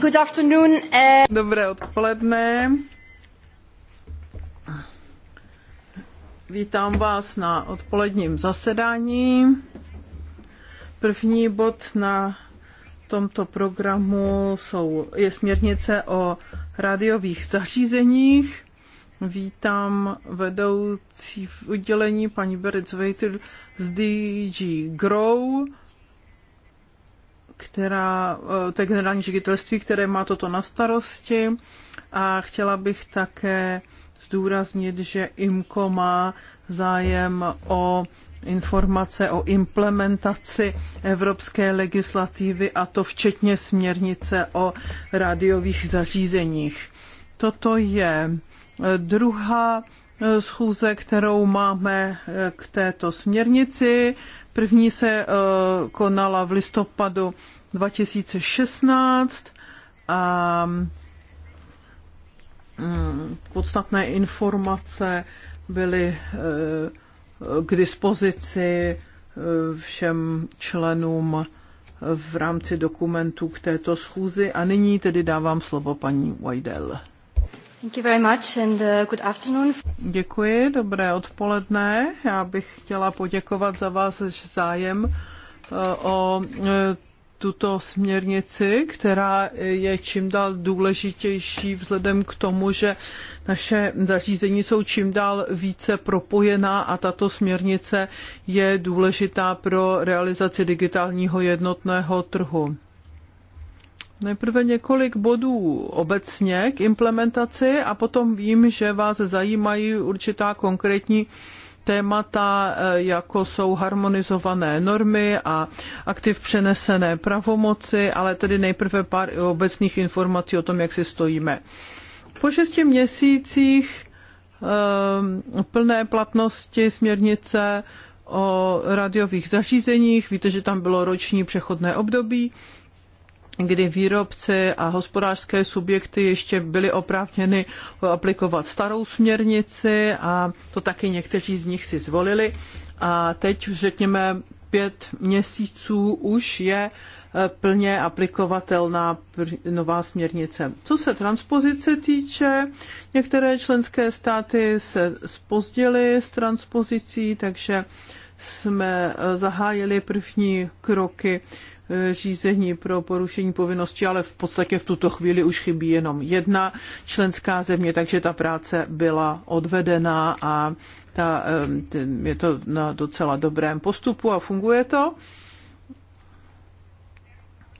good afternoon. Uh... Dobré odpoledne. Vítám vás na odpoledním zasedání. První bod na tomto programu jsou, je směrnice o rádiových zařízeních. Vítám vedoucí v oddělení paní Beritz z DG Grow která, eh, to je generální ředitelství, které má toto na starosti a chtěla bych také zdůraznit, že IMCO má zájem o informace o implementaci evropské legislativy a to včetně směrnice o rádiových zařízeních. Toto je eh, druhá eh, schůze, kterou máme k této směrnici První se eh, konala v listopadu 2016 a mm, podstatné informace byly eh, k dispozici eh, všem členům v rámci dokumentů k této schůzi. A nyní tedy dávám slovo paní Wajdel. Thank you very much and uh, good afternoon. Děkuji, dobré odpoledne. Já bych chtěla poděkovat za váš zájem uh, o uh, tuto směrnici, která je čím dál důležitější vzhledem k tomu, že naše zařízení jsou čím dál více propojená a tato směrnice je důležitá pro realizaci digitálního jednotného trhu. Nejprve několik bodů obecně k implementaci a potom vím, že vás zajímají určitá konkrétní témata, eh, jako jsou harmonizované normy a aktiv přenesené pravomoci, ale tedy nejprve pár obecných informací o tom, jak si stojíme. Po šesti měsících eh, plné platnosti směrnice o rádiových zařízeních, víte, že tam bylo roční přechodné období, kdy výrobci a hospodářské subjekty ještě byly oprávněny aplikovat starou směrnici a to taky někteří z nich si zvolili. A teď, už řekněme, pět měsíců už je eh, plně aplikovatelná nová směrnice. Co se transpozice týče, některé členské státy se spozdily s transpozicí, takže jsme eh, zahájili první kroky řízení pro porušení povinnosti, ale v podstatě v tuto chvíli už chybí jenom jedna členská země, takže ta práce byla odvedena a ta, je to na docela dobrém postupu a funguje to.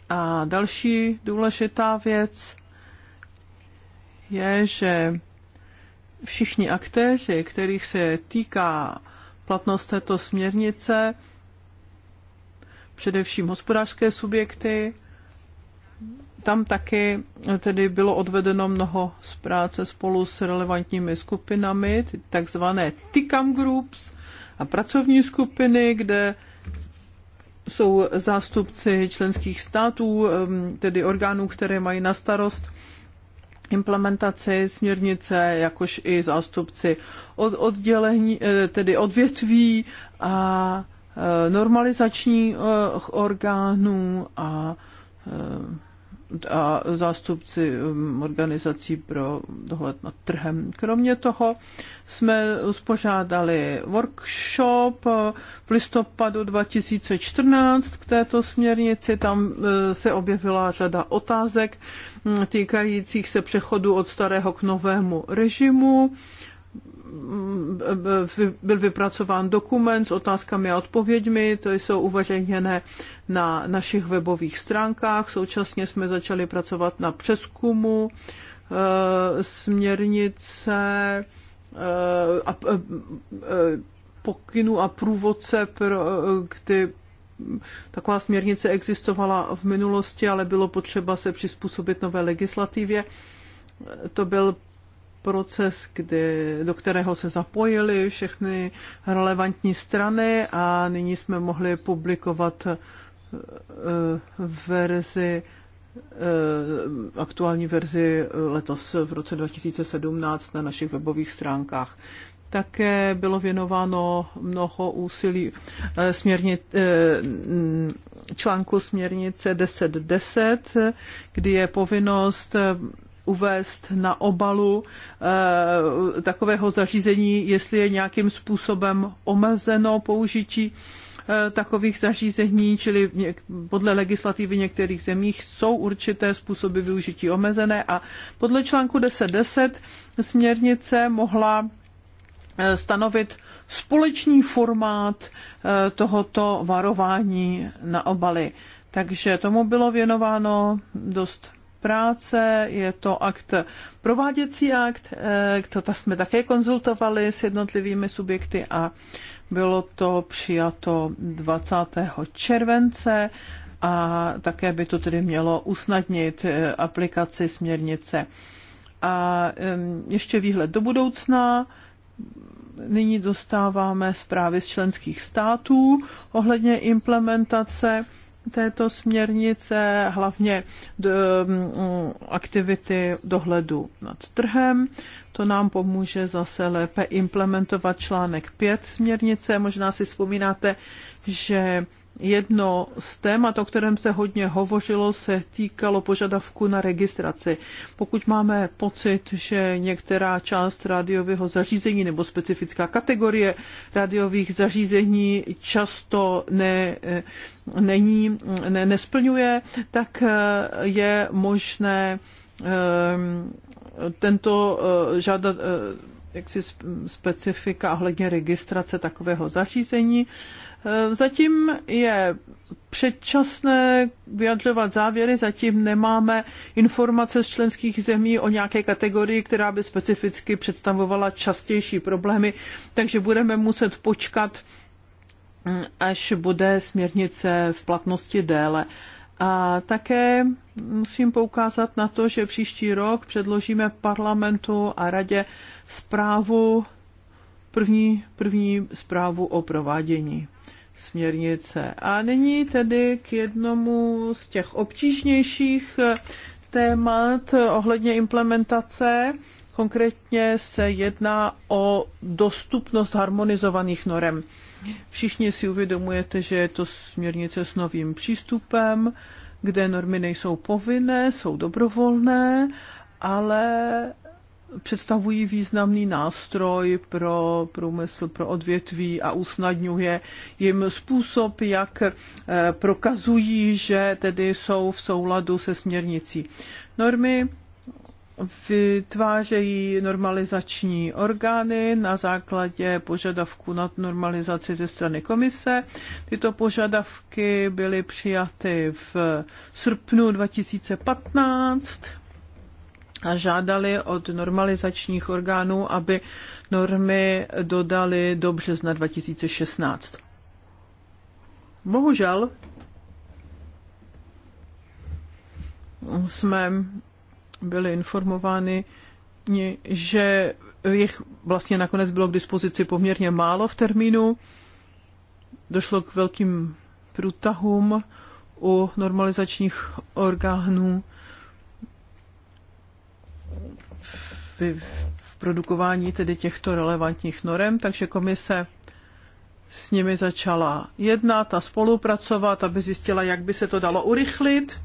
A další důležitá věc je, že všichni aktéři, kterých se týká platnost této směrnice, především hospodářské subjekty. Tam taky tedy bylo odvedeno mnoho z práce spolu s relevantními skupinami, takzvané TICAM Groups a pracovní skupiny, kde jsou zástupci členských států, tedy orgánů, které mají na starost implementaci směrnice, jakož i zástupci od oddělení, eh, tedy odvětví a Eh, normalizačních eh, orgánů a, eh, a zástupci mm, organizací pro dohled nad trhem. Kromě toho jsme uspořádali workshop v listopadu 2014 k této směrnici. Tam se objevila řada otázek mm, týkajících se přechodu od starého k novému režimu Mm, byl vypracován dokument s otázkami a odpověďmi, to jsou uveřejněné na našich webových stránkách. Současně jsme začali pracovat na přeskumu eh, směrnice eh, a eh, pokynu a průvodce, kdy taková směrnice existovala v minulosti, ale bylo potřeba se přizpůsobit nové legislativě. To byl proces, kdy, do kterého se zapojily všechny relevantní strany a nyní jsme mohli publikovat eh, verzi eh, aktuální verzi letos v roce 2017 na našich webových stránkách. Také bylo věnováno mnoho úsilí eh, směrni, článku směrnice 1010, kdy je povinnost uvést na obalu eh, takového zařízení, jestli je nějakým způsobem omezeno použití eh, takových zařízení, čili podle legislativy některých zemích jsou určité způsoby využití omezené a podle článku 10.10 směrnice mohla eh, stanovit společný formát tohoto varování na obaly. Takže tomu bylo věnováno dost práce, je to akt prováděcí akt, eh, to jsme také konzultovali s jednotlivými subjekty a bylo to přijato 20. července a také by to tedy mělo usnadnit eh, aplikaci směrnice. A ještě výhled do budoucna. Nyní dostáváme zprávy z členských států ohledně implementace této směrnice, hlavně do, aktivity dohledu nad trhem. To nám pomůže zase lépe implementovat článek 5 směrnice. Možná si vzpomínáte, že Jedno z témat, o kterém se hodně hovořilo, se týkalo požadavku na registraci. Pokud máme pocit, že některá část rádiového zařízení nebo specifická kategorie rádiových zařízení často ne, není, ne, nesplňuje, tak eh, je možné eh, tento eh, žádat jaksi specifika ohledně registrace takového zařízení. Eh, zatím je předčasné vyjadřovat závěry, zatím nemáme informace z členských zemí o nějaké kategorii, která by specificky představovala častější problémy, takže budeme muset počkat, mm, až bude směrnice v platnosti déle. A také musím poukázat na to, že příští rok předložíme parlamentu a radě zprávu první, první zprávu o provádění směrnice. A nyní tedy k jednomu z těch obtížnějších eh, témat ohledně implementace. Konkrétně se jedná o dostupnost harmonizovaných norem. Všichni si uvědomujete, že je to směrnice s novým přístupem, kde normy nejsou povinné, jsou dobrovolné, ale představují významný nástroj pro průmysl, pro odvětví a usnadňuje jim způsob, jak eh, prokazují, že tedy jsou v souladu se směrnicí. Normy vytvářejí normalizační orgány na základě požadavků na normalizaci ze strany komise. Tyto požadavky byly přijaty v srpnu 2015 a žádali od normalizačních orgánů, aby normy dodali do března 2016. Bohužel jsme byli informováni, že jich vlastně nakonec bylo k dispozici poměrně málo v termínu. Došlo k velkým průtahům u normalizačních orgánů v produkování tedy těchto relevantních norem, takže komise s nimi začala jednat a spolupracovat, aby zjistila, jak by se to dalo urychlit.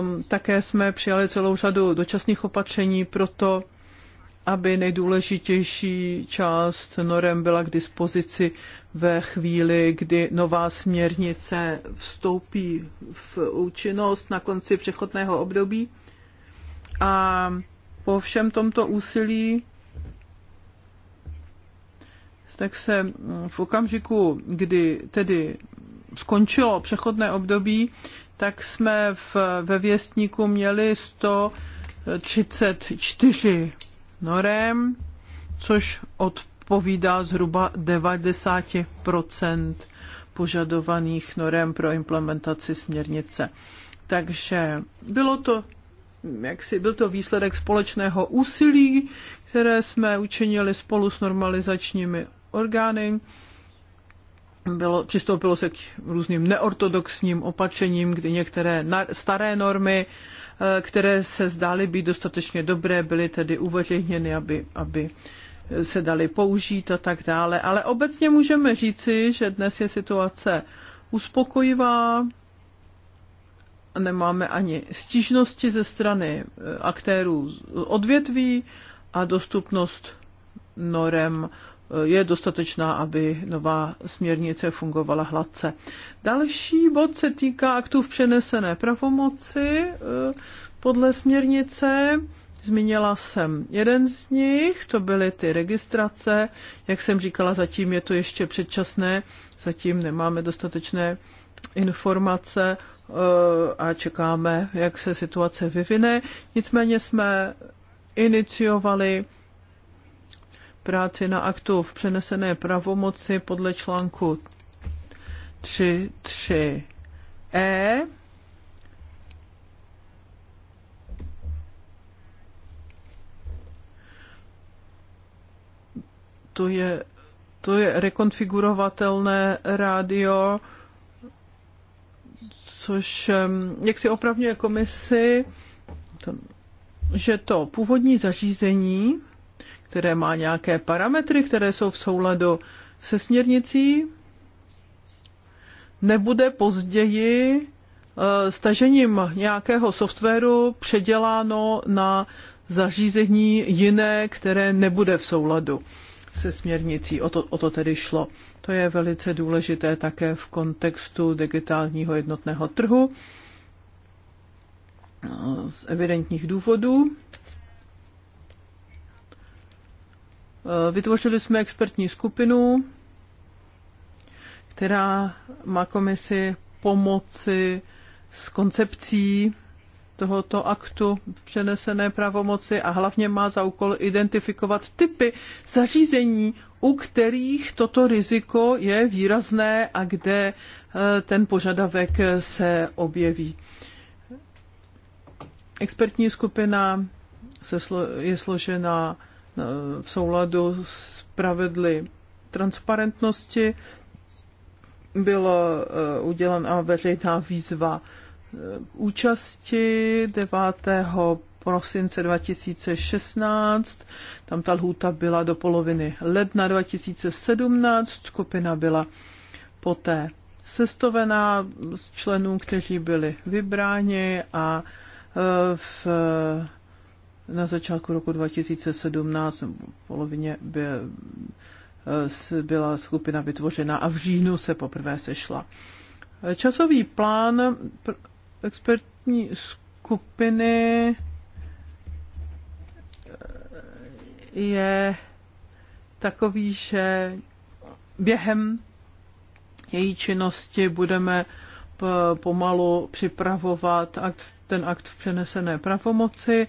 Um, také jsme přijali celou řadu dočasných opatření pro to, aby nejdůležitější část norem byla k dispozici ve chvíli, kdy nová směrnice vstoupí v účinnost na konci přechodného období. A po všem tomto úsilí tak se v okamžiku, kdy tedy skončilo přechodné období, tak jsme v, ve věstníku měli 134 norem, což od odpovídá zhruba 90 požadovaných norem pro implementaci směrnice. Takže bylo to jak si byl to výsledek společného úsilí, které jsme učinili spolu s normalizačními orgány. Bylo, přistoupilo se k různým neortodoxním opatřením, kdy některé staré normy, eh, které se zdály být dostatečně dobré, byly tedy uveřejněny, aby, aby se daly použít a tak dále. Ale obecně můžeme říci, že dnes je situace uspokojivá, nemáme ani stížnosti ze strany eh, aktérů odvětví a dostupnost norem eh, je dostatečná, aby nová směrnice fungovala hladce. Další bod se týká aktů v přenesené pravomoci eh, podle směrnice. Zmínila jsem jeden z nich, to byly ty registrace. Jak jsem říkala, zatím je to ještě předčasné, zatím nemáme dostatečné informace eh, a čekáme, jak se situace vyvine. Nicméně jsme iniciovali práci na aktu v přenesené pravomoci podle článku 3.3e to je, to je rekonfigurovatelné rádio, což jak si opravňuje komisi, to, že to původní zařízení, které má nějaké parametry, které jsou v souladu se směrnicí, nebude později e, stažením nějakého softwaru předěláno na zařízení jiné, které nebude v souladu se směrnicí. O to, o to tedy šlo. To je velice důležité také v kontextu digitálního jednotného trhu z evidentních důvodů. Vytvořili jsme expertní skupinu, která má komisi pomoci s koncepcí tohoto aktu v přenesené pravomoci a hlavně má za úkol identifikovat typy zařízení, u kterých toto riziko je výrazné a kde eh, ten požadavek se objeví. Expertní skupina je složena eh, v souladu s pravidly transparentnosti. Byla eh, udělena veřejná výzva Eh, účasti 9. prosince 2016. Tam ta lhůta byla do poloviny ledna 2017. Skupina byla poté sestovená z členů, kteří byli vybráni a eh, v, eh, na začátku roku 2017 v polovině by, byla skupina vytvořena a v říjnu se poprvé sešla. Časový plán expertní skupiny eh, je takový, že během její činnosti budeme pomalu připravovat akt, ten akt v přenesené pravomoci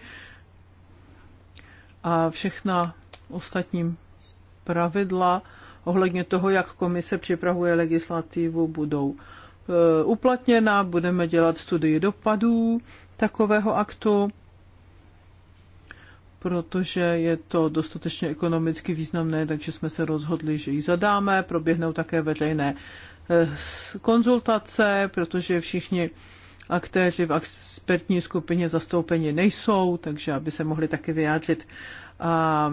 a všechna ostatní pravidla ohledně toho, jak komise připravuje legislativu, budou Eh, uplatněna, budeme dělat studii dopadů takového aktu, protože je to dostatečně ekonomicky významné, takže jsme se rozhodli, že ji zadáme. Proběhnou také veřejné eh, konzultace, protože všichni aktéři v expertní skupině zastoupeni nejsou, takže aby se mohli taky vyjádřit. A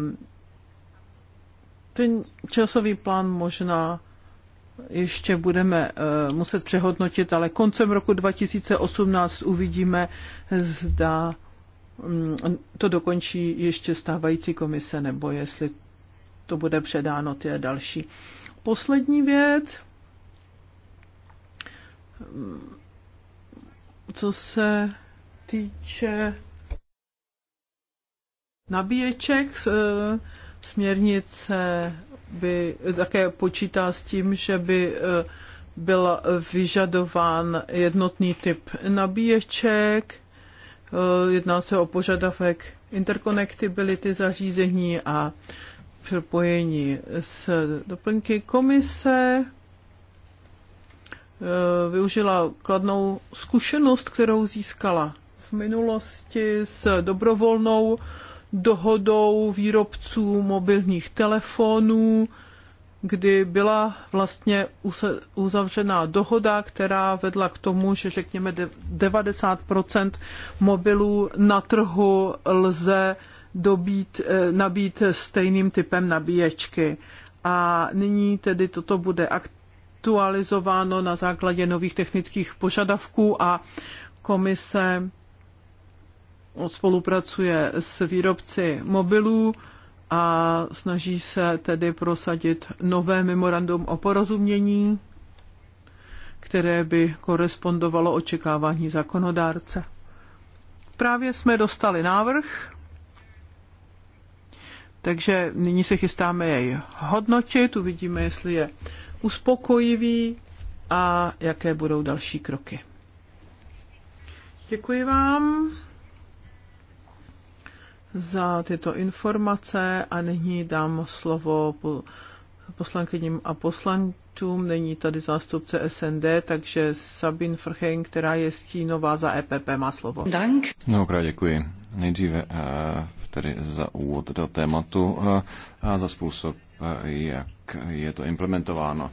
ten časový plán možná ještě budeme eh, muset přehodnotit, ale koncem roku 2018 uvidíme, zda mm, to dokončí ještě stávající komise, nebo jestli to bude předáno té další. Poslední věc, mm, co se týče nabíječek, eh, směrnice by také počítá s tím, že by e, byl vyžadován jednotný typ nabíječek, e, jedná se o požadavek interkonektibility zařízení a propojení s doplňky komise e, využila kladnou zkušenost, kterou získala v minulosti s dobrovolnou dohodou výrobců mobilních telefonů, kdy byla vlastně uzavřená dohoda, která vedla k tomu, že řekněme 90 mobilů na trhu lze dobít, eh, nabít stejným typem nabíječky. A nyní tedy toto bude aktualizováno na základě nových technických požadavků a komise spolupracuje s výrobci mobilů a snaží se tedy prosadit nové memorandum o porozumění, které by korespondovalo očekávání zakonodárce. Právě jsme dostali návrh, takže nyní se chystáme jej hodnotit, uvidíme, jestli je uspokojivý a jaké budou další kroky. Děkuji vám za tyto informace a nyní dám slovo poslankyním a poslancům. Není tady zástupce SND, takže Sabine Frchen, která je stínová za EPP, má slovo. Dank. Mnohokrát děkuji. Nejdříve eh, tedy za úvod do tématu eh, a za způsob, eh, jak je to implementováno.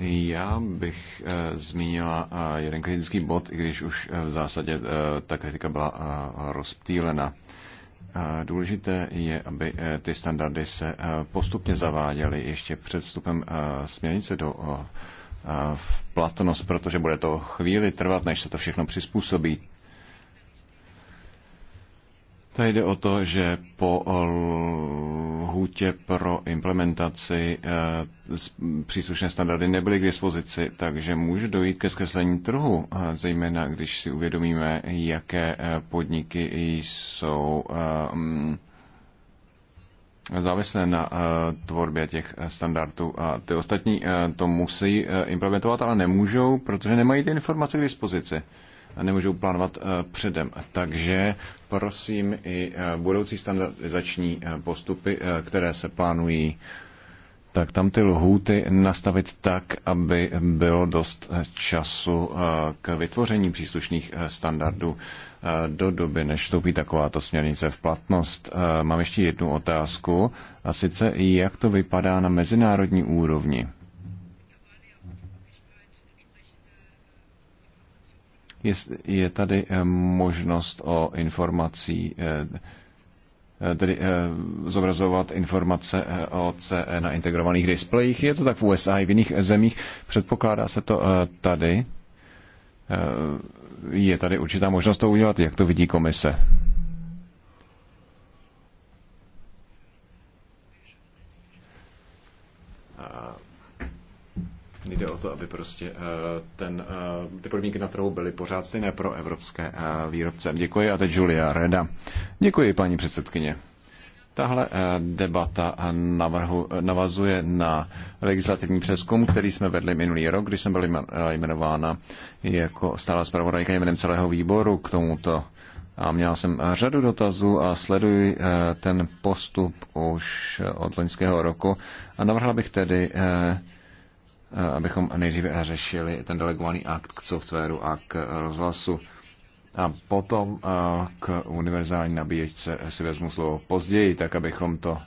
Já bych e, zmínila e, jeden kritický bod, i když už e, v zásadě e, ta kritika byla e, rozptýlena. Důležité je, aby eh, ty standardy se eh, postupně zaváděly ještě před vstupem eh, směrnice do v platnost, protože bude to chvíli trvat, než se to všechno přizpůsobí. Tady jde o to, že po eh, lhůtě pro implementaci eh, příslušné standardy nebyly k dispozici, takže může dojít ke zkreslení trhu, eh, zejména když si uvědomíme, jaké podniky jsou mm, závislé na tvorbě těch standardů a ty ostatní to musí implementovat, ale nemůžou, protože nemají ty informace k dispozici nemůžou plánovat eh, předem. Takže prosím i eh, budoucí standardizační eh, postupy, které se plánují, tak tam ty lhůty nastavit tak, aby bylo dost času k vytvoření příslušných standardů do doby, než vstoupí takováto směrnice v platnost. Mám ještě jednu otázku, a sice jak to vypadá na mezinárodní úrovni. je tady eh, možnost o informací, eh, eh, tedy zobrazovat informace o CE na integrovaných displejích. Je to tak v USA i v jiných zemích. Předpokládá se to tady. Je tady určitá možnost to udělat, jak to vidí komise. Jde o to, aby prostě eh, ten, eh, ty podmínky na trhu byly pořád stejné pro evropské eh, výrobce. Děkuji a teď Julia Reda. Děkuji, paní předsedkyně. Tahle debata navrhu, navazuje na legislativní přeskum, který jsme vedli minulý rok, když jsem byla jmenována jako stála zpravodajka jménem celého výboru k tomuto. A měla jsem řadu dotazů a sleduji ten postup už od loňského roku. A navrhla bych tedy Eh, abychom nejdříve řešili ten delegovaný akt k softwaru a k rozhlasu. A potom eh, k univerzální nabíječce si vezmu slovo později, tak abychom to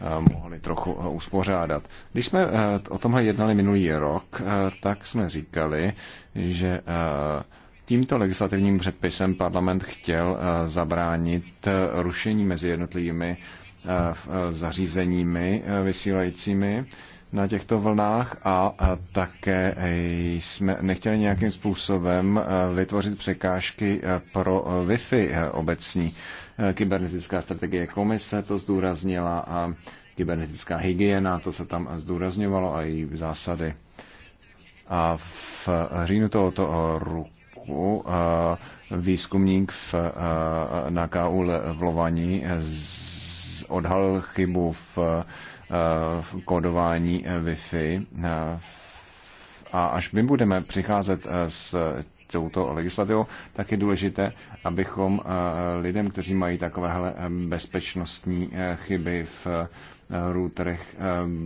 eh, mohli trochu uspořádat. Když jsme o tomhle jednali minulý rok, tak jsme říkali, že tímto legislativním předpisem parlament chtěl zabránit rušení mezi jednotlivými zařízeními vysílajícími na těchto vlnách a také jsme nechtěli nějakým způsobem e, vytvořit překážky e, pro e, Wi-Fi obecní. Kybernetická strategie komise to zdůraznila a kybernetická hygiena, to se tam zdůrazňovalo a její zásady. A v říjnu tohoto roku výzkumník v, na KU v Lovani odhalil chybu v Kodování eh, Wi-Fi. Eh, a až my budeme přicházet eh, s touto legislativou, tak je důležité, abychom lidem, kteří mají takovéhle bezpečnostní chyby v routerech,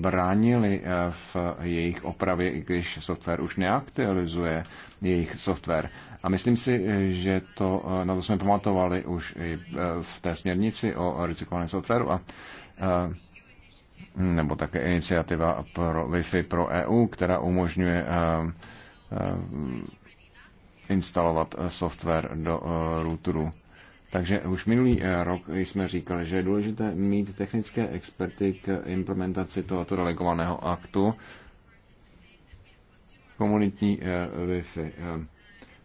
bránili v jejich opravě, i když software už neaktualizuje jejich software. A myslím si, že to, na to jsme pamatovali už i v té směrnici o recyklovaném softwaru a nebo také iniciativa pro Wi-Fi pro EU, která umožňuje eh, eh, instalovat eh, software do routeru. Takže už minulý rok jsme říkali, že je důležité mít technické experty k implementaci tohoto delegovaného aktu komunitní Wi-Fi.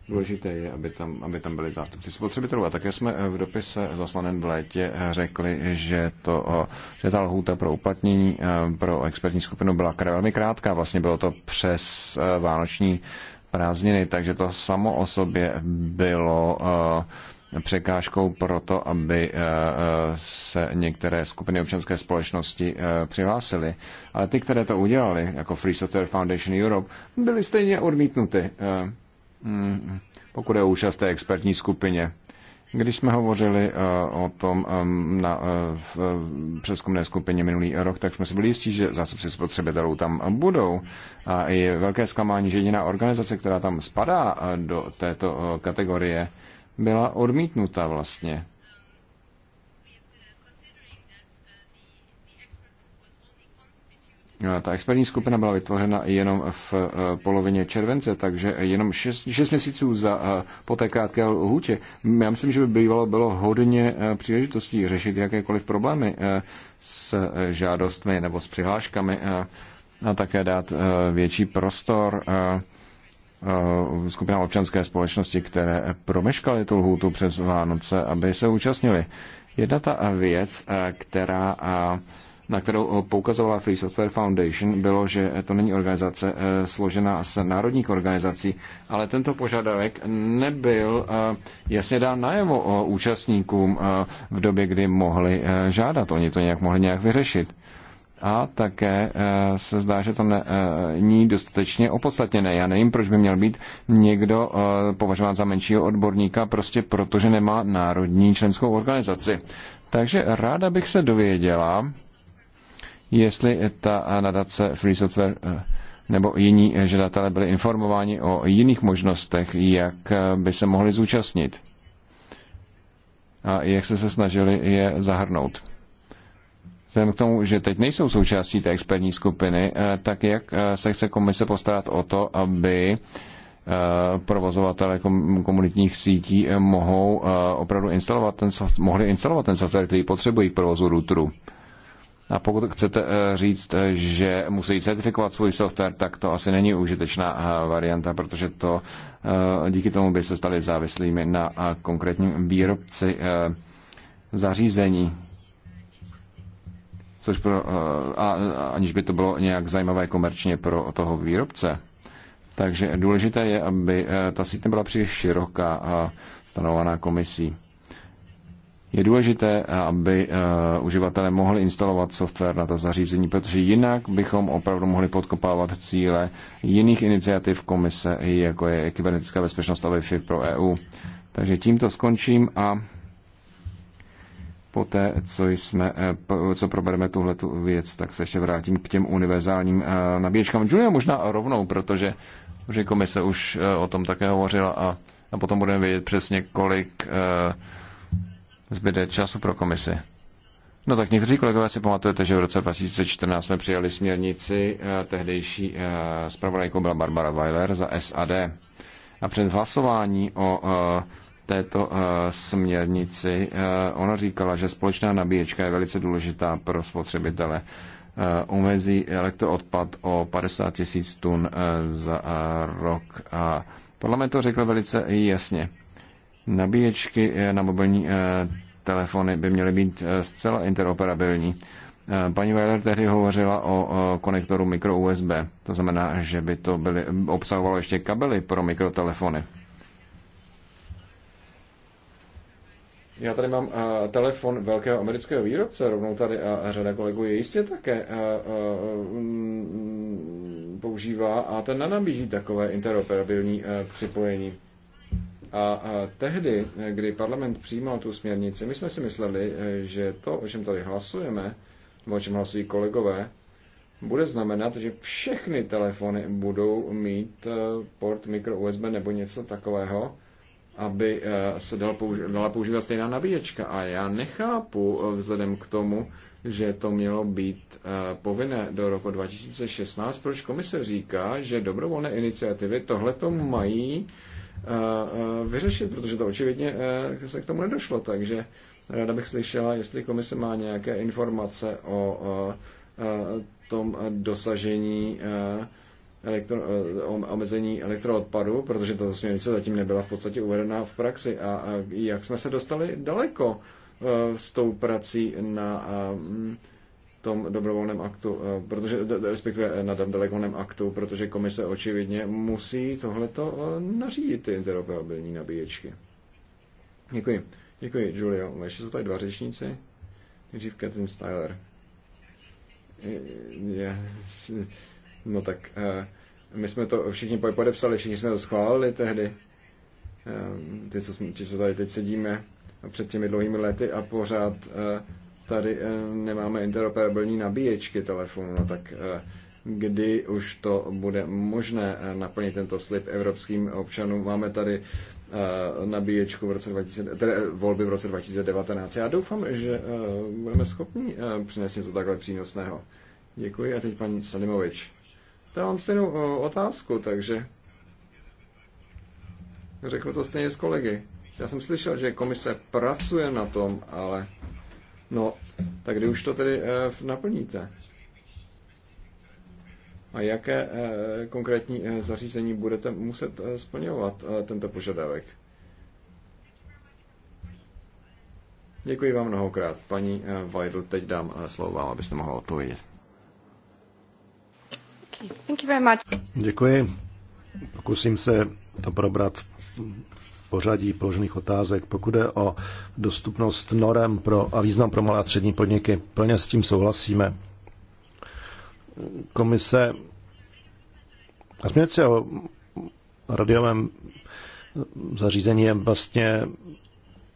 Důležité je, aby tam, aby tam byli zástupci spotřebitelů. A také jsme eh, v dopise zaslaném v létě eh, řekli, že, to, že ta lhůta pro uplatnění eh, pro expertní skupinu byla velmi krátká. Vlastně bylo to přes vánoční prázdniny, takže to samo o sobě bylo překážkou pro to, aby se některé skupiny občanské společnosti přihlásily. Ale ty, které to udělali, jako Free Software Foundation Europe, byly stejně odmítnuty Mm, pokud je účast té expertní skupině. Když jsme hovořili eh, o tom na eh, v přeskumné skupině minulý rok, tak jsme si byli jistí, že zástupci spotřebitelů tam budou. A je velké zklamání, že jediná organizace, která tam spadá eh, do této kategorie, byla odmítnuta vlastně. Eh, ta expertní skupina byla vytvořena jenom v eh, polovině července, takže jenom 6, měsíců za, eh, po té krátké lhůtě. Já myslím, že by bývalo bylo hodně příležitostí řešit jakékoliv problémy s žádostmi nebo s přihláškami a také dát větší prostor skupinám občanské společnosti, které promeškaly tu lhůtu přes Vánoce, aby se účastnili. Jedna ta věc, která na kterou eh, poukazovala Free Software Foundation, bylo, že to není organizace eh, složená z národních organizací, ale tento požadavek nebyl eh, jasně dán najevo účastníkům v době, kdy mohli žádat. Oni to nějak mohli nějak vyřešit a také se zdá, že to není dostatečně opodstatněné. Já nevím, proč by měl být někdo považován za menšího odborníka, prostě protože nemá národní členskou organizaci. Takže ráda bych se dověděla, jestli ta nadace Free Software eh, nebo jiní eh, žadatelé byli informováni o jiných možnostech, jak eh, by se mohli zúčastnit a jak se se snažili je zahrnout. Vzhledem k tomu, že teď nejsou součástí té expertní skupiny, tak jak se chce komise postarat o to, aby provozovatele komunitních sítí mohou opravdu instalovat ten software, mohli instalovat ten software, který potřebují k provozu routeru. A pokud chcete eh, říct, eh, že musí certifikovat svůj software, tak to asi není užitečná eh, varianta, protože to díky tomu by se stali závislými na konkrétním výrobci zařízení. Což pro, a, aniž by to bylo nějak zajímavé komerčně pro toho výrobce. Takže důležité je, aby ta síť nebyla příliš široká a stanovaná komisí. Je důležité, eh, aby eh, uživatelé mohli instalovat software na to zařízení, protože jinak bychom opravdu mohli podkopávat cíle jiných iniciativ komise, jako je kybernetická bezpečnost a Wi-Fi pro EU. Takže tímto skončím a poté, co, jsme, eh, co probereme tuhle věc, tak se ještě vrátím k těm univerzálním nabíječkám. Julia možná rovnou, protože, protože komise už o tom také hovořila a, a potom budeme vědět přesně, kolik uh, zbyde času pro komisi. No tak někteří kolegové si pamatujete, že v roce 2014 jsme přijali směrnici, eh, tehdejší eh, zpravodajkou byla Barbara Weiler za SAD. A před hlasování o eh, této směrnici ona říkala, že společná nabíječka je velice důležitá pro spotřebitele. Umezí elektroodpad o 50 tisíc tun za rok a parlament to řekl velice jasně. Nabíječky eh, na mobilní eh, telefony by měly být eh, zcela interoperabilní. Paní Weiler tehdy hovořila o konektoru micro USB, to znamená, že by to byly, obsahovalo ještě kabely pro mikrotelefony. Já tady mám uh, telefon velkého amerického výrobce, rovnou tady a řada kolegů je jistě také uh, uh, um, používá a ten nenabízí takové interoperabilní uh, připojení. A tehdy, kdy parlament přijímal tu směrnici, my jsme si mysleli, e, že to, o čem tady hlasujeme, nebo o čem hlasují kolegové, bude znamenat, že všechny telefony budou mít e, port micro USB nebo něco takového, aby e, se dala, použi- dala používat stejná nabíječka. A já nechápu vzhledem k tomu, že to mělo být povinné do roku 2016, proč komise říká, že dobrovolné iniciativy tohleto mají Eh, eh, vyřešit, protože to očividně eh, se k tomu nedošlo. Takže ráda bych slyšela, jestli komise má nějaké informace o tom dosažení elektro, omezení elektroodpadu, protože tato směrnice zatím nebyla v podstatě uvedená v praxi. A, jak jsme se dostali daleko s tou prací na tom dobrovolném aktu, eh, protože, respektive eh, na tom dobrovolném aktu, protože komise očividně musí tohleto eh, nařídit ty interoperabilní nabíječky. Děkuji. Děkuji, Julio. Ještě jsou tady dva řečníci. Nejdřív Katrin Styler. no tak my jsme to všichni podepsali, všichni jsme to schválili tehdy. Ty, co, jsme, ti, co tady teď sedíme před těmi dlouhými lety a pořád tady eh, nemáme interoperabilní nabíječky telefonu, no tak eh, kdy už to bude možné eh, naplnit tento slib evropským občanům. Máme tady nabíječku v roce 20, tedy volby v roce 2019. Já doufám, že budeme schopni přinést něco takhle přínosného. Děkuji. A teď paní Salimovič. Já mám stejnou otázku, takže řeknu to stejně s kolegy. Já jsem slyšel, že komise pracuje na tom, ale No, tak kdy už to tedy eh, naplníte? A jaké eh, konkrétní eh, zařízení budete muset splňovat tento požadavek? Děkuji vám mnohokrát. Paní Vajdu, teď dám slovo vám, abyste mohla odpovědět. Děkuji. Pokusím se to probrat v pořadí položených otázek. Pokud je o dostupnost norem pro, a význam pro malé a střední podniky, plně s tím souhlasíme. Komise a směrce o radiovém zařízení je vlastně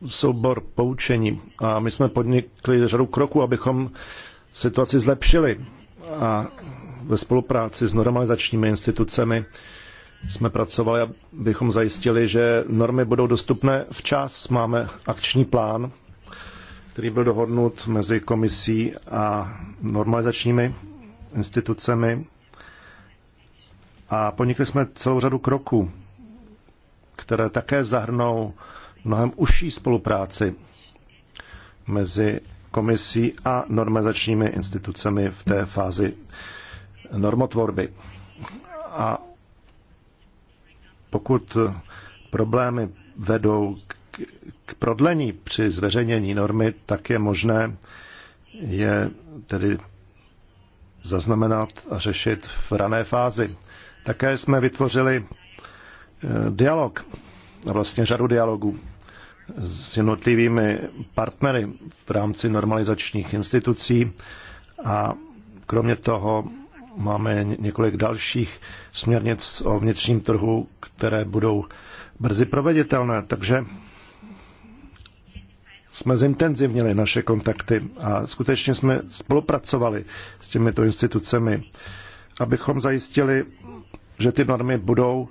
soubor poučení a my jsme podnikli řadu kroků, abychom situaci zlepšili a ve spolupráci s normalizačními institucemi jsme pracovali, abychom zajistili, že normy budou dostupné včas. Máme akční plán, který byl dohodnut mezi komisí a normalizačními institucemi. A ponikli jsme celou řadu kroků, které také zahrnou mnohem užší spolupráci mezi komisí a normalizačními institucemi v té fázi normotvorby. A pokud problémy vedou k, k prodlení při zveřejnění normy, tak je možné je tedy zaznamenat a řešit v rané fázi. Také jsme vytvořili eh, dialog, vlastně řadu dialogů s jednotlivými partnery v rámci normalizačních institucí a kromě toho máme několik dalších směrnic o vnitřním trhu, které budou brzy proveditelné, takže jsme zintenzivnili naše kontakty a skutečně jsme spolupracovali s těmito institucemi, abychom zajistili, že ty normy budou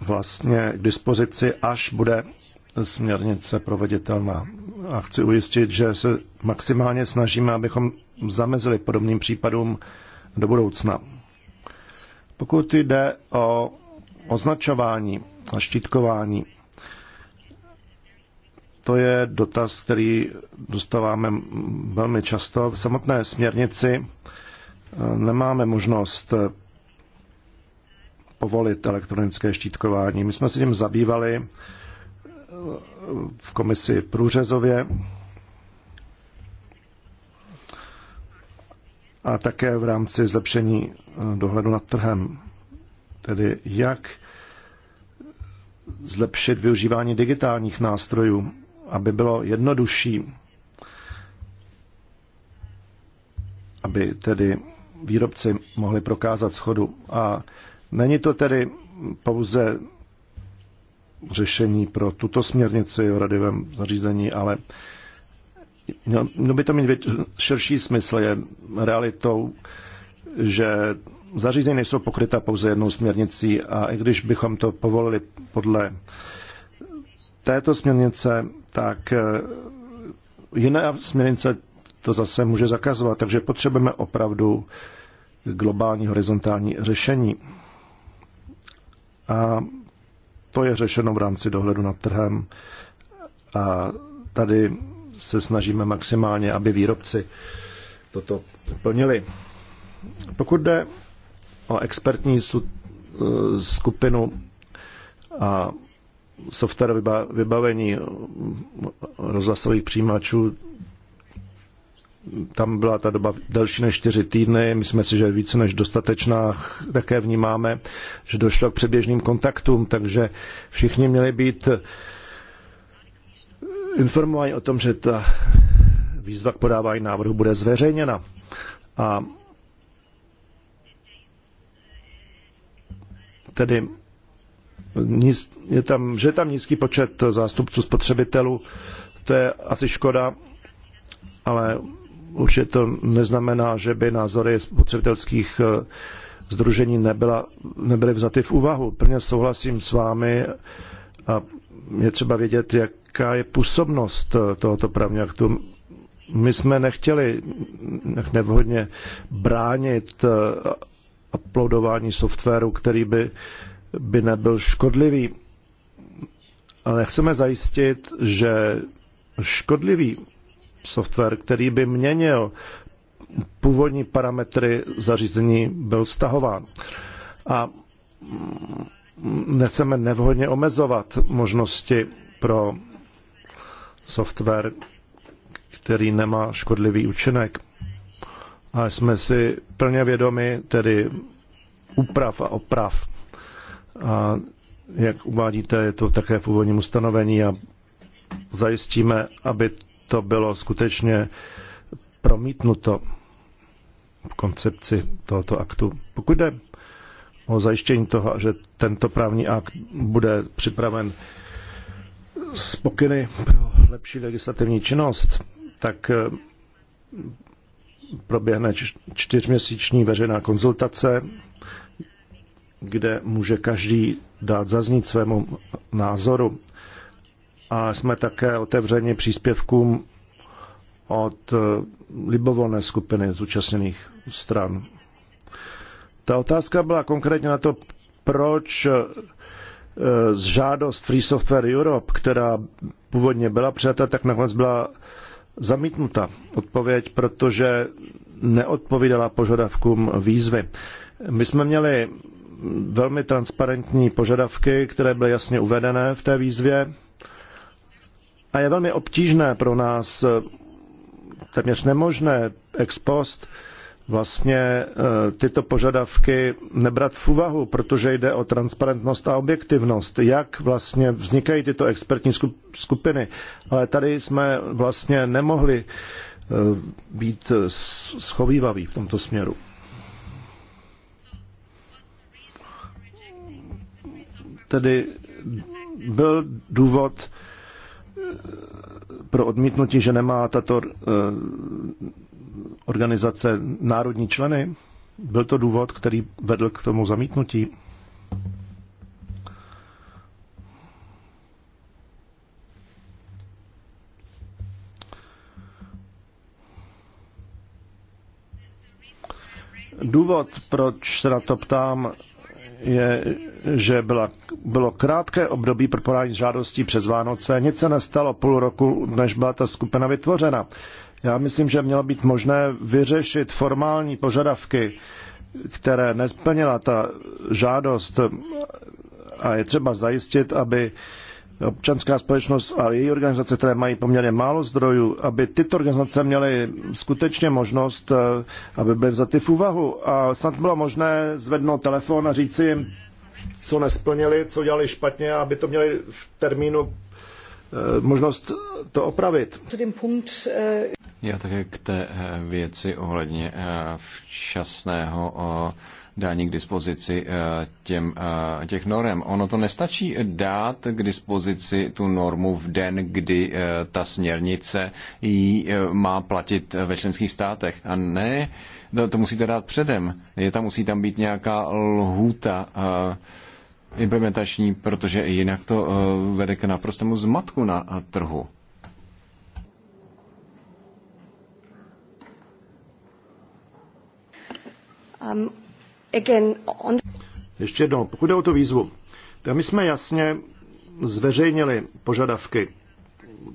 vlastně k dispozici, až bude směrnice proveditelná. A chci ujistit, že se maximálně snažíme, abychom zamezili podobným případům do budoucna. Pokud jde o označování a štítkování, to je dotaz, který dostáváme velmi často. V samotné směrnici eh, nemáme možnost eh, povolit elektronické štítkování. My jsme se tím zabývali eh, v komisi průřezově a také v rámci zlepšení eh, dohledu nad trhem. Tedy jak zlepšit využívání digitálních nástrojů, aby bylo jednodušší, aby tedy výrobci mohli prokázat schodu. A není to tedy pouze řešení pro tuto směrnici o radivém zařízení, ale No, no by to mít vět, širší smysl je realitou, že zařízení nejsou pokryta pouze jednou směrnicí a i když bychom to povolili podle této směrnice, tak eh, jiné směrnice to zase může zakazovat, takže potřebujeme opravdu globální horizontální řešení. A to je řešeno v rámci dohledu nad trhem. A tady se snažíme maximálně, aby výrobci toto plnili. Pokud jde o expertní skupinu a software vybavení rozhlasových přijímačů, tam byla ta doba delší než čtyři týdny, myslíme si, že více než dostatečná. Také vnímáme, že došlo k předběžným kontaktům, takže všichni měli být informovaní o tom, že ta výzva k podávání návrhu bude zveřejněna. A tedy je tam, že je tam nízký počet zástupců spotřebitelů, to je asi škoda, ale určitě to neznamená, že by názory spotřebitelských eh, združení nebyla, nebyly vzaty v úvahu. Plně souhlasím s vámi a je třeba vědět, jak jaká je působnost eh, tohoto právního aktu. My jsme nechtěli nevhodně bránit eh, uploadování softwaru, který by, by nebyl škodlivý. Ale chceme zajistit, že škodlivý software, který by měnil původní parametry zařízení, byl stahován. A nechceme nevhodně omezovat možnosti pro software, který nemá škodlivý účinek. A jsme si plně vědomi tedy úprav a oprav. A jak uvádíte, je to také v úvodním ustanovení a zajistíme, aby to bylo skutečně promítnuto v koncepci tohoto aktu. Pokud jde o zajištění toho, že tento právní akt bude připraven z pokyny pro lepší legislativní činnost, tak eh, proběhne čtyřměsíční veřejná konzultace, kde může každý dát zaznít svému názoru. A jsme také otevřeni příspěvkům od eh, libovolné skupiny zúčastněných stran. Ta otázka byla konkrétně na to, proč žádost Free Software Europe, která původně byla přijata, tak nakonec byla zamítnuta odpověď, protože neodpovídala požadavkům výzvy. My jsme měli velmi transparentní požadavky, které byly jasně uvedené v té výzvě. A je velmi obtížné pro nás, téměř nemožné ex post, vlastně eh, tyto požadavky nebrat v úvahu, protože jde o transparentnost a objektivnost, jak vlastně vznikají tyto expertní skupiny. Ale tady jsme vlastně nemohli eh, být schovývaví v tomto směru. Tedy byl důvod eh, pro odmítnutí, že nemá tato organizace národní členy? Byl to důvod, který vedl k tomu zamítnutí? Důvod, proč se na to ptám, je, že byla, bylo krátké období pro podání žádostí přes Vánoce. Nic se nestalo půl roku, než byla ta skupina vytvořena. Já myslím, že mělo být možné vyřešit formální požadavky, které nesplnila ta žádost a je třeba zajistit, aby občanská společnost a její organizace, které mají poměrně málo zdrojů, aby tyto organizace měly skutečně možnost, eh, aby byly vzaty v úvahu. A snad bylo možné zvednout telefon a říci jim, co nesplnili, co dělali špatně, aby to měli v termínu eh, možnost to opravit. Já také k té eh, věci ohledně eh, včasného eh, dání k dispozici těm, těch norem. Ono to nestačí dát k dispozici tu normu v den, kdy ta směrnice ji má platit ve členských státech. A ne, to musíte dát předem. Je tam, musí tam být nějaká lhůta implementační, protože jinak to vede k naprostému zmatku na trhu. Um, Ještě jednou, pokud jde o tu výzvu, tak my jsme jasně zveřejnili požadavky,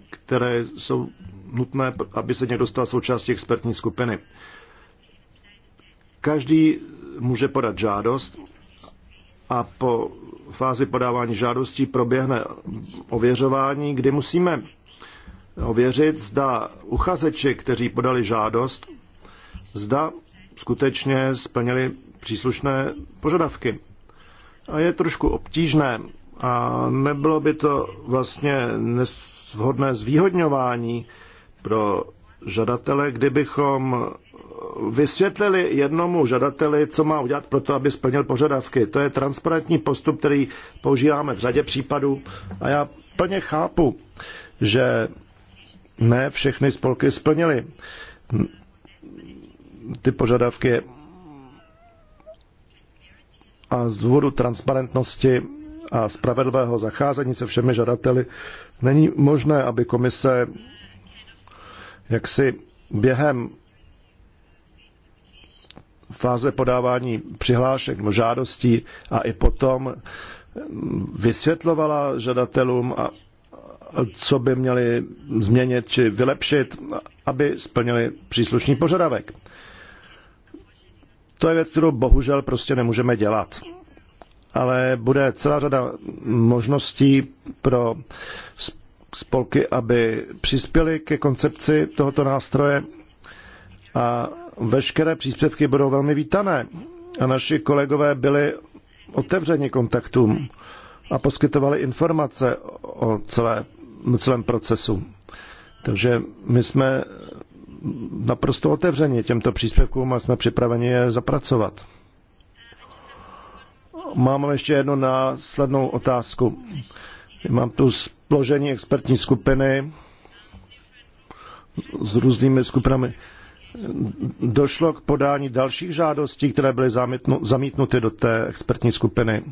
které jsou nutné, aby se někdo stal součástí expertní skupiny. Každý může podat žádost a po fázi podávání žádostí proběhne ověřování, kdy musíme ověřit, zda uchazeči, kteří podali žádost, zda skutečně splnili příslušné požadavky. A je trošku obtížné a nebylo by to vlastně nesvhodné zvýhodňování pro žadatele, kdybychom vysvětlili jednomu žadateli, co má udělat pro to, aby splnil požadavky. To je transparentní postup, který používáme v řadě případů a já plně chápu, že ne všechny spolky splnily ty požadavky a z důvodu transparentnosti a spravedlivého zacházení se všemi žadateli není možné, aby komise jaksi během fáze podávání přihlášek nebo žádostí a i potom vysvětlovala žadatelům, co by měli změnit či vylepšit, aby splnili příslušný požadavek. To je věc, kterou bohužel prostě nemůžeme dělat. Ale bude celá řada možností pro spolky, aby přispěli ke koncepci tohoto nástroje a veškeré příspěvky budou velmi vítané. A naši kolegové byli otevřeni kontaktům a poskytovali informace o celé, celém procesu. Takže my jsme naprosto otevřeni těmto příspěvkům a jsme připraveni je zapracovat. Mám ještě jednu následnou otázku. Mám tu spložení expertní skupiny s různými skupinami. Došlo k podání dalších žádostí, které byly zamítnuty do té expertní skupiny.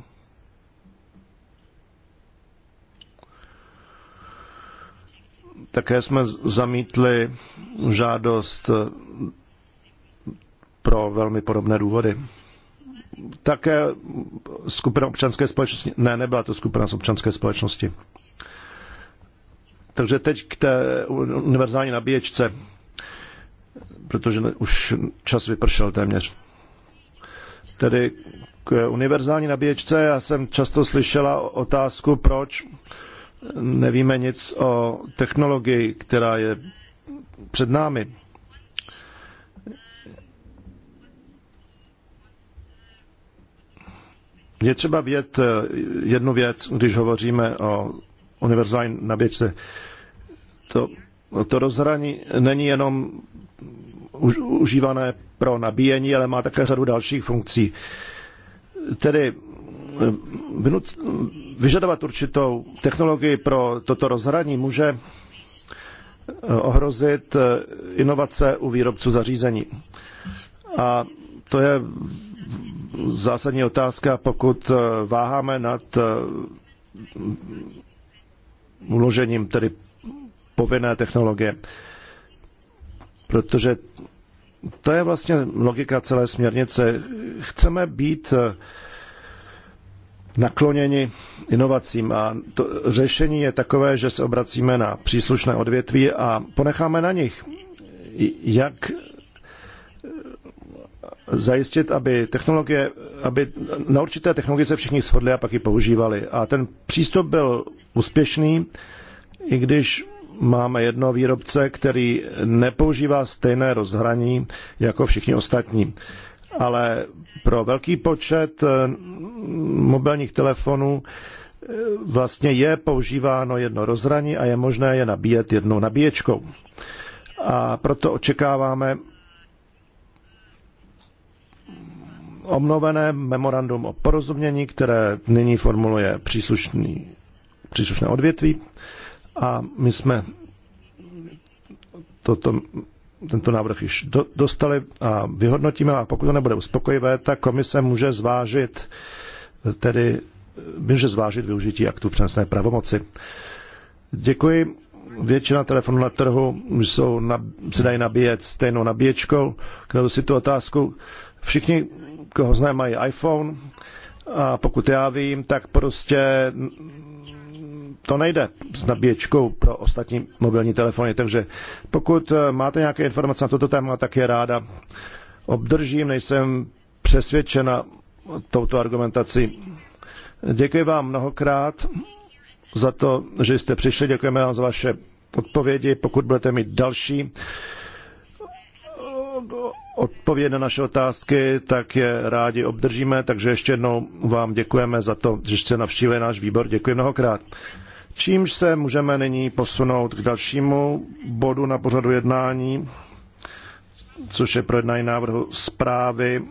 Také jsme zamítli žádost eh, pro velmi podobné důvody. Také skupina občanské společnosti, ne, nebyla to skupina z občanské společnosti. Takže teď k té univerzální nabíječce, protože už čas vypršel téměř. Tedy k univerzální nabíječce já jsem často slyšela otázku, proč nevíme nic o technologii, která je před námi. Je třeba vědět eh, jednu věc, když hovoříme o univerzální nabíječce. To, to rozhraní není jenom už, užívané pro nabíjení, ale má také řadu dalších funkcí. Tedy vyžadovat určitou technologii pro toto rozhraní může eh, ohrozit eh, inovace u výrobců zařízení. A to je zásadní otázka, pokud eh, váháme nad uložením tedy povinné technologie. Protože to je vlastně logika celé směrnice. Chceme být nakloněni inovacím. A to řešení je takové, že se obracíme na příslušné odvětví a ponecháme na nich, jak zajistit, aby technologie, aby na určité technologie se všichni shodli a pak ji používali. A ten přístup byl úspěšný, i když máme jedno výrobce, který nepoužívá stejné rozhraní jako všichni ostatní ale pro velký počet eh, mobilních telefonů eh, vlastně je používáno jedno rozhraní a je možné je nabíjet jednou nabíječkou. A proto očekáváme omnovené memorandum o porozumění, které nyní formuluje příslušný, příslušné odvětví. A my jsme toto tento návrh již do, dostali a vyhodnotíme a pokud to nebude uspokojivé, tak komise může zvážit tedy může zvážit využití aktu přenesné pravomoci. Děkuji. Většina telefonů na trhu jsou, na, se dají nabíjet stejnou nabíječkou. Kladu si tu otázku. Všichni, koho znají, mají iPhone a pokud já vím, tak prostě to nejde s nabíječkou pro ostatní mobilní telefony. Takže pokud eh, máte nějaké informace na toto téma, tak je ráda obdržím, nejsem přesvědčena touto argumentací. Děkuji vám mnohokrát za to, že jste přišli, děkujeme vám za vaše odpovědi. Pokud budete mít další eh, odpověď na naše otázky, tak je rádi obdržíme, takže ještě jednou vám děkujeme za to, že jste navštívili náš výbor. Děkuji mnohokrát. Čímž se můžeme nyní posunout k dalšímu bodu na pořadu jednání, což je projednání návrhu zprávy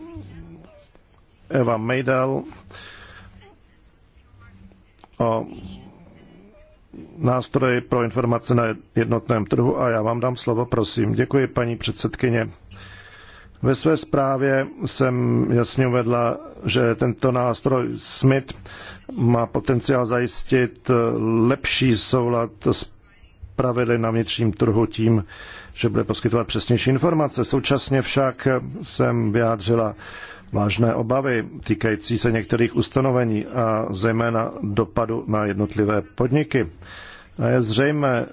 Eva Meidel o nástroji pro informace na jednotném trhu a já vám dám slovo, prosím. Děkuji, paní předsedkyně. Ve své zprávě jsem jasně uvedla, že tento nástroj SMIT má potenciál zajistit eh, lepší soulad s pravidly na vnitřním trhu tím, že bude poskytovat přesnější informace. Současně však jsem vyjádřila vážné obavy týkající se některých ustanovení a zejména dopadu na jednotlivé podniky. A je zřejmé,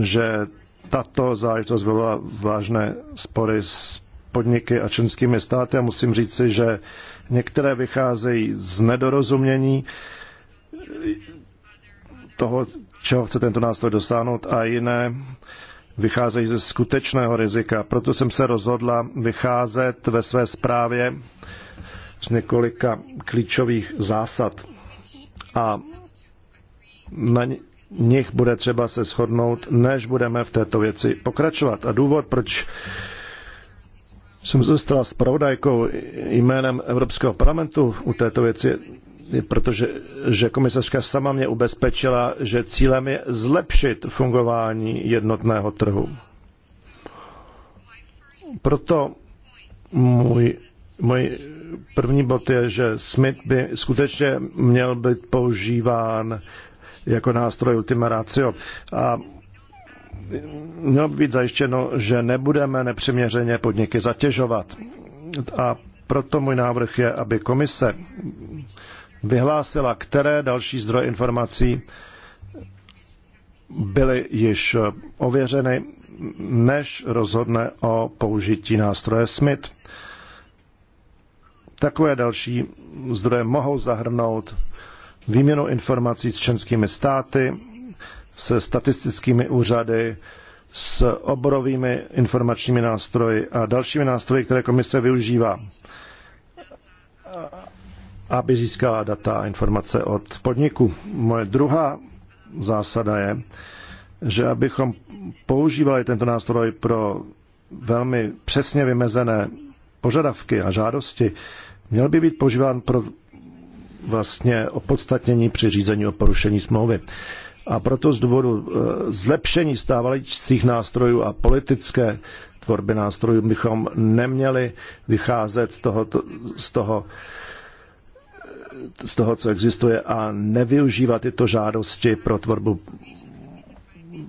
že tato záležitost byla vážné spory s podniky a členskými státy a musím říci, že některé vycházejí z nedorozumění toho, čeho chce tento nástroj dosáhnout a jiné vycházejí ze skutečného rizika. Proto jsem se rozhodla vycházet ve své zprávě z několika klíčových zásad. A na nich bude třeba se shodnout, než budeme v této věci pokračovat. A důvod, proč jsem se stala zpravodajkou jménem Evropského parlamentu u této věci, protože že komisařka sama mě ubezpečila, že cílem je zlepšit fungování jednotného trhu. Proto můj, můj první bod je, že Smith by skutečně měl být používán jako nástroj ultima ratio. A mělo být zajištěno, že nebudeme nepřiměřeně podniky zatěžovat. A proto můj návrh je, aby komise vyhlásila, které další zdroje informací byly již ověřeny, než rozhodne o použití nástroje SMIT. Takové další zdroje mohou zahrnout výměnu informací s členskými státy, se statistickými úřady, s oborovými informačními nástroji a dalšími nástroji, které komise využívá, aby získala data a informace od podniku. Moje druhá zásada je, že abychom používali tento nástroj pro velmi přesně vymezené požadavky a žádosti, měl by být používán pro vlastně opodstatnění při řízení o porušení smlouvy. A proto z důvodu e, zlepšení stávajících nástrojů a politické tvorby nástrojů bychom neměli vycházet z, toho, z toho, z toho, co existuje a nevyužívat tyto žádosti pro tvorbu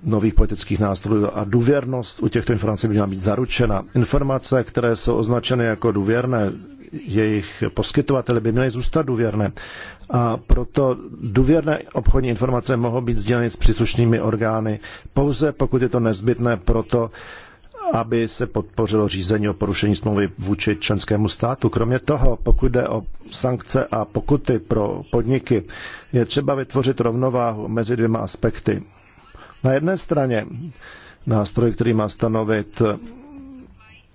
nových politických nástrojů a důvěrnost u těchto informací by měla být zaručena. Informace, které jsou označeny jako důvěrné, jejich poskytovateli by měly zůstat důvěrné. A proto důvěrné obchodní informace mohou být sděleny s příslušnými orgány pouze pokud je to nezbytné proto, aby se podpořilo řízení o porušení smlouvy vůči členskému státu. Kromě toho, pokud jde o sankce a pokuty pro podniky, je třeba vytvořit rovnováhu mezi dvěma aspekty. Na jedné straně nástroj, který má stanovit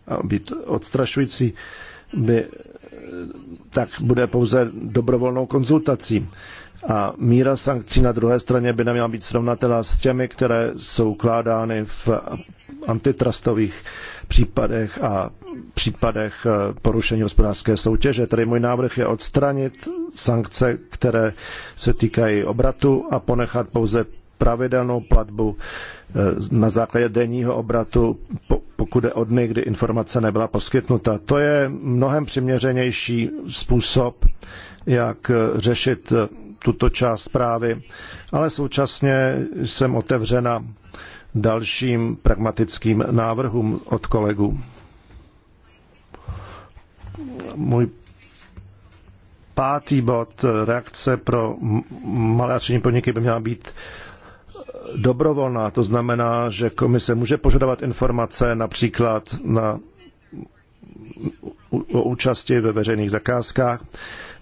a být odstrašující by tak bude pouze dobrovolnou konzultací. A míra sankcí na druhé straně by neměla být srovnatelná s těmi, které jsou ukládány v antitrustových případech a případech eh, porušení hospodářské soutěže. Tedy můj návrh je odstranit sankce, které se týkají obratu a ponechat pouze pravidelnou platbu eh, na základě denního obratu, pokud je od dny, kdy informace nebyla poskytnuta. To je mnohem přiměřenější způsob, jak eh, řešit eh, tuto část zprávy, ale současně jsem otevřena dalším pragmatickým návrhům od kolegů. Můj pátý bod reakce pro malé a střední podniky by měla být dobrovolná. To znamená, že komise může požadovat informace například na, o účasti ve veřejných zakázkách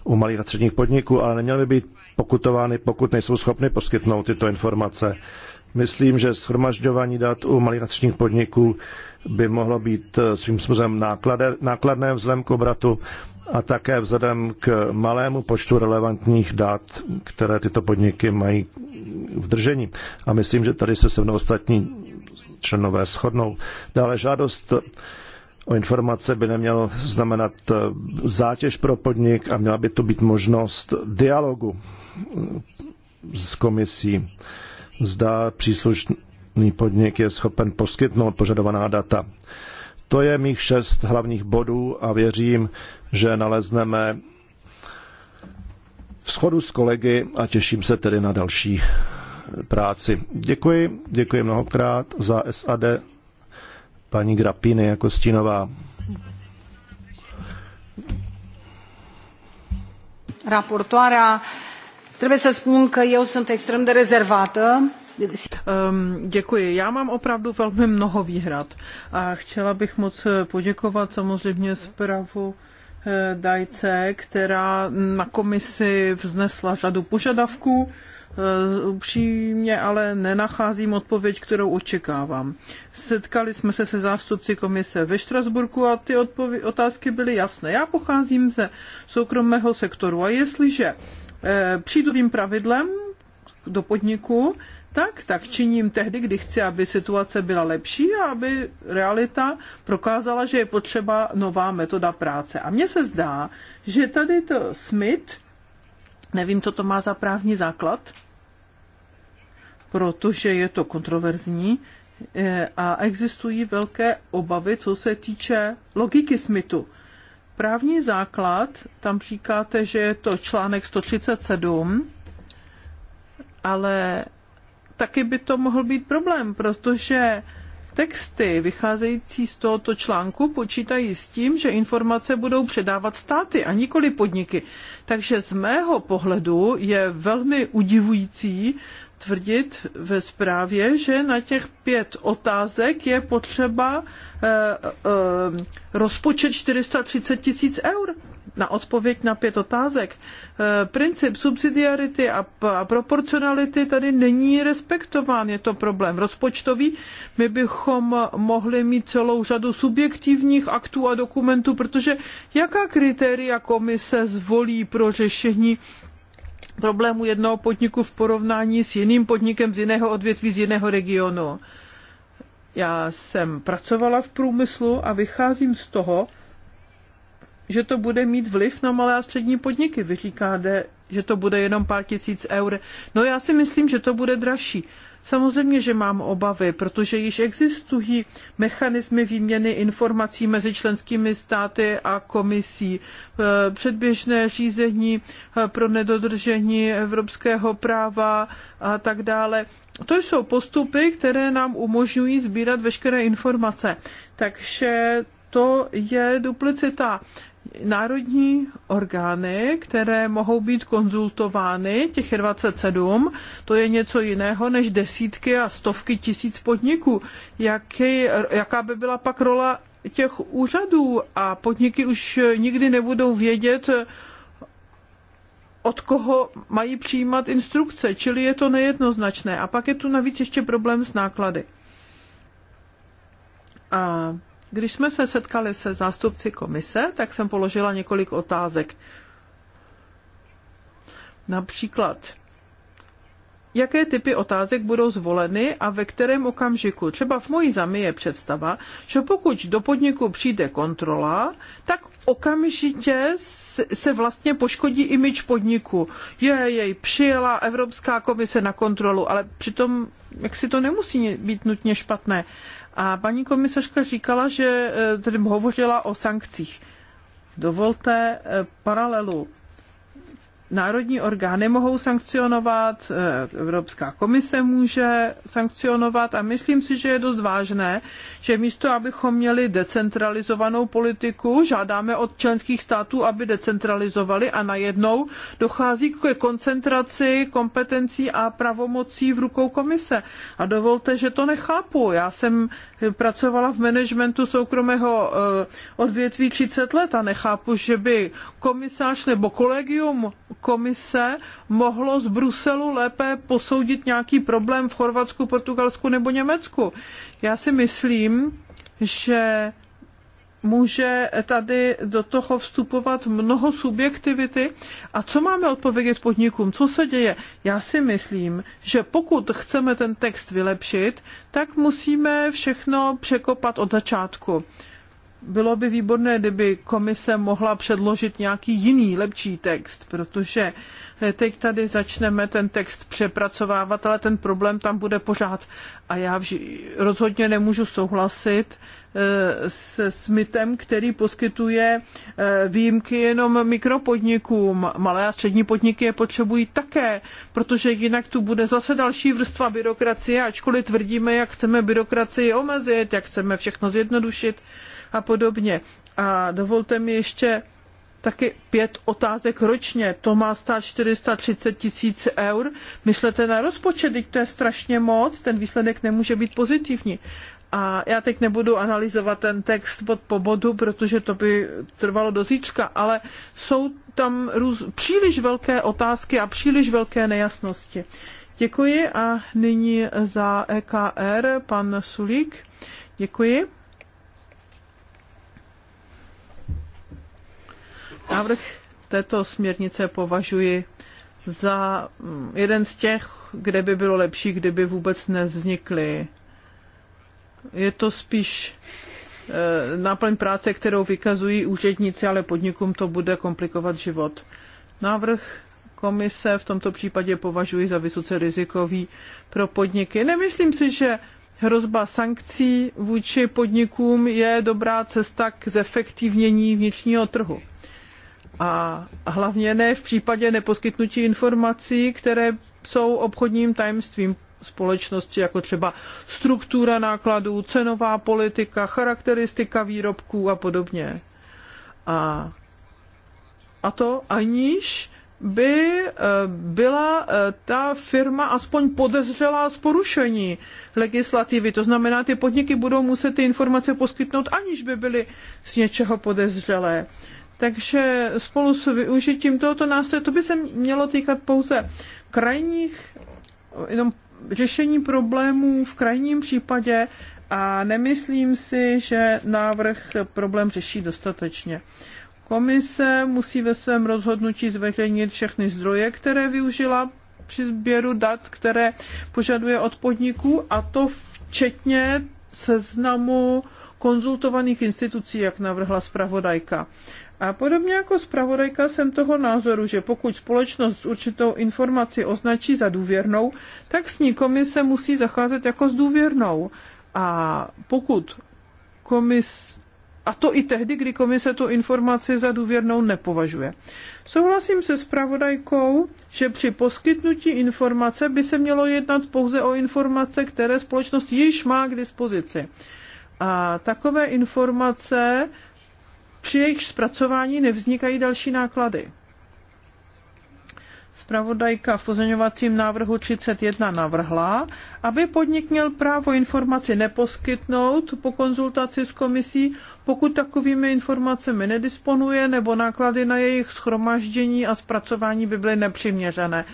u malých a středních podniků, ale neměly by být pokutovány, pokud nejsou schopny poskytnout tyto informace. Myslím, že shromažďování dat u malých a středních podniků by mohlo být eh, svým způsobem nákladné vzhledem k obratu a také vzhledem k malému počtu relevantních dat, které tyto podniky mají v držení. A myslím, že tady se se mnou ostatní členové shodnou. Dále žádost o informace by neměl znamenat eh, zátěž pro podnik a měla by to být možnost dialogu eh, s komisí. Zda příslušný podnik je schopen poskytnout požadovaná data. To je mých šest hlavních bodů a věřím, že nalezneme v schodu s kolegy a těším se tedy na další práci. Děkuji, děkuji mnohokrát za SAD paní Grapiny jako stínová. Raportoarea, trebuie să spun că eu sunt extrem de rezervată Ehm, děkuji. Já mám opravdu velmi mnoho výhrad a chtěla bych moc poděkovat samozřejmě zpravu eh, Dajce, která na komisi vznesla řadu požadavků. Eh, upřímně ale nenacházím odpověď, kterou očekávám. Setkali jsme se se zástupci komise ve Štrasburku a ty otázky byly jasné. Já pocházím ze soukromého sektoru a jestliže e, eh, přijdu pravidlem do podniku, tak, tak činím tehdy, kdy chci, aby situace byla lepší a aby realita prokázala, že je potřeba nová metoda práce. A mně se zdá, že tady to Smith, nevím, co to má za právní základ, protože je to kontroverzní eh, a existují velké obavy, co se týče logiky Smithu. Právní základ, tam říkáte, že je to článek 137, ale taky by to mohl být problém, protože texty vycházející z tohoto článku počítají s tím, že informace budou předávat státy a nikoli podniky. Takže z mého pohledu je velmi udivující, tvrdit ve zprávě, že na těch pět otázek je potřeba eh, eh, rozpočet 430 tisíc eur na odpověď na pět otázek. Eh, princip subsidiarity a, a proporcionality tady není respektován, je to problém rozpočtový. My bychom mohli mít celou řadu subjektivních aktů a dokumentů, protože jaká kritéria komise zvolí pro řešení problémů jednoho podniku v porovnání s jiným podnikem z jiného odvětví, z jiného regionu. Já jsem pracovala v průmyslu a vycházím z toho, že to bude mít vliv na malé a střední podniky. Vy říkáte, že to bude jenom pár tisíc eur. No já si myslím, že to bude dražší. Samozřejmě, že mám obavy, protože již existují mechanismy výměny informací mezi členskými státy a komisí. E, předběžné řízení e, pro nedodržení evropského práva a tak dále. To jsou postupy, které nám umožňují sbírat veškeré informace. Takže to je duplicita národní orgány, které mohou být konzultovány, těch je 27, to je něco jiného než desítky a stovky tisíc podniků. Jaký, jaká by byla pak rola těch úřadů a podniky už nikdy nebudou vědět, od koho mají přijímat instrukce, čili je to nejednoznačné. A pak je tu navíc ještě problém s náklady. A když jsme se setkali se zástupci komise, tak jsem položila několik otázek. Například, jaké typy otázek budou zvoleny a ve kterém okamžiku. Třeba v mojí zami je představa, že pokud do podniku přijde kontrola, tak okamžitě se vlastně poškodí imič podniku. Je, jej přijela Evropská komise na kontrolu, ale přitom jak si to nemusí být nutně špatné. A paní komisařka říkala, že eh, tedy hovořila o sankcích. Dovolte eh, paralelu národní orgány mohou sankcionovat, eh, Evropská komise může sankcionovat a myslím si, že je dost vážné, že místo, abychom měli decentralizovanou politiku, žádáme od členských států, aby decentralizovali a najednou dochází k koncentraci kompetencí a pravomocí v rukou komise. A dovolte, že to nechápu. Já jsem pracovala v managementu soukromého eh, odvětví 30 let a nechápu, že by komisář nebo kolegium komise mohlo z Bruselu lépe posoudit nějaký problém v Chorvatsku, Portugalsku nebo Německu. Já si myslím, že může tady do toho vstupovat mnoho subjektivity. A co máme odpovědět podnikům? Co se děje? Já si myslím, že pokud chceme ten text vylepšit, tak musíme všechno překopat od začátku bylo by výborné, kdyby komise mohla předložit nějaký jiný, lepší text, protože eh, teď tady začneme ten text přepracovávat, ale ten problém tam bude pořád. A já rozhodně nemůžu souhlasit eh, se smitem, který poskytuje eh, výjimky jenom mikropodnikům. Malé a střední podniky je potřebují také, protože jinak tu bude zase další vrstva byrokracie, ačkoliv tvrdíme, jak chceme byrokracii omezit, jak chceme všechno zjednodušit a podobně. A dovolte mi ještě taky pět otázek ročně. To má stát 430 tisíc eur. Myslete na rozpočet, teď to je strašně moc, ten výsledek nemůže být pozitivní. A já teď nebudu analyzovat ten text pod po bodu, protože to by trvalo do zítřka, ale jsou tam růz, příliš velké otázky a příliš velké nejasnosti. Děkuji a nyní za EKR pan Sulík. Děkuji. Návrh této směrnice považuji za mm, jeden z těch, kde by bylo lepší, kdyby vůbec nevznikly. Je to spíš eh, náplň práce, kterou vykazují úředníci, ale podnikům to bude komplikovat život. Návrh komise v tomto případě považuji za vysoce rizikový pro podniky. Nemyslím si, že hrozba sankcí vůči podnikům je dobrá cesta k zefektivnění vnitřního trhu a hlavně ne v případě neposkytnutí informací, které jsou obchodním tajemstvím společnosti, jako třeba struktura nákladů, cenová politika, charakteristika výrobků a podobně. A, a to aniž by eh, byla eh, ta firma aspoň podezřelá z porušení legislativy. To znamená, ty podniky budou muset ty informace poskytnout, aniž by byly z něčeho podezřelé. Takže spolu s využitím tohoto nástroje, to by se mělo týkat pouze krajních, jenom řešení problémů v krajním případě a nemyslím si, že návrh problém řeší dostatečně. Komise musí ve svém rozhodnutí zveřejnit všechny zdroje, které využila při sběru dat, které požaduje od podniků, a to včetně seznamu konzultovaných institucí, jak navrhla zpravodajka. A podobně jako zpravodajka jsem toho názoru, že pokud společnost určitou informaci označí za důvěrnou, tak s ní komise musí zacházet jako s důvěrnou. A pokud komis, a to i tehdy, kdy komise tu informaci za důvěrnou nepovažuje. Souhlasím se zpravodajkou, že při poskytnutí informace by se mělo jednat pouze o informace, které společnost již má k dispozici. A takové informace při jejich zpracování nevznikají další náklady. Spravodajka v pozměňovacím návrhu 31 navrhla, aby podnik měl právo informaci neposkytnout po konzultaci s komisí, pokud takovými informacemi nedisponuje nebo náklady na jejich schromaždění a zpracování by byly nepřiměřené.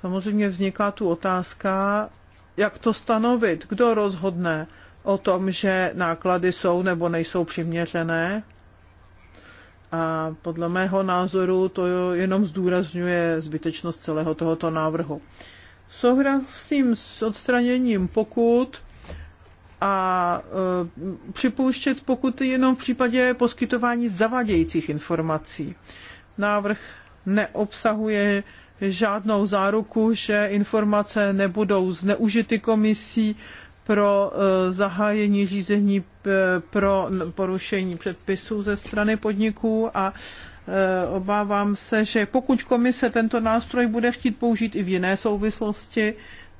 Samozřejmě vzniká tu otázka, jak to stanovit, kdo rozhodne o tom, že náklady jsou nebo nejsou přiměřené a podle mého názoru to jenom zdůrazňuje zbytečnost celého tohoto návrhu. Souhlasím s odstraněním pokud a e, připouštět pokuty jenom v případě poskytování zavadějících informací. Návrh neobsahuje žádnou záruku, že informace nebudou zneužity komisí pro eh, zahájení řízení eh, pro porušení předpisů ze strany podniků a eh, obávám se, že pokud komise tento nástroj bude chtít použít i v jiné souvislosti,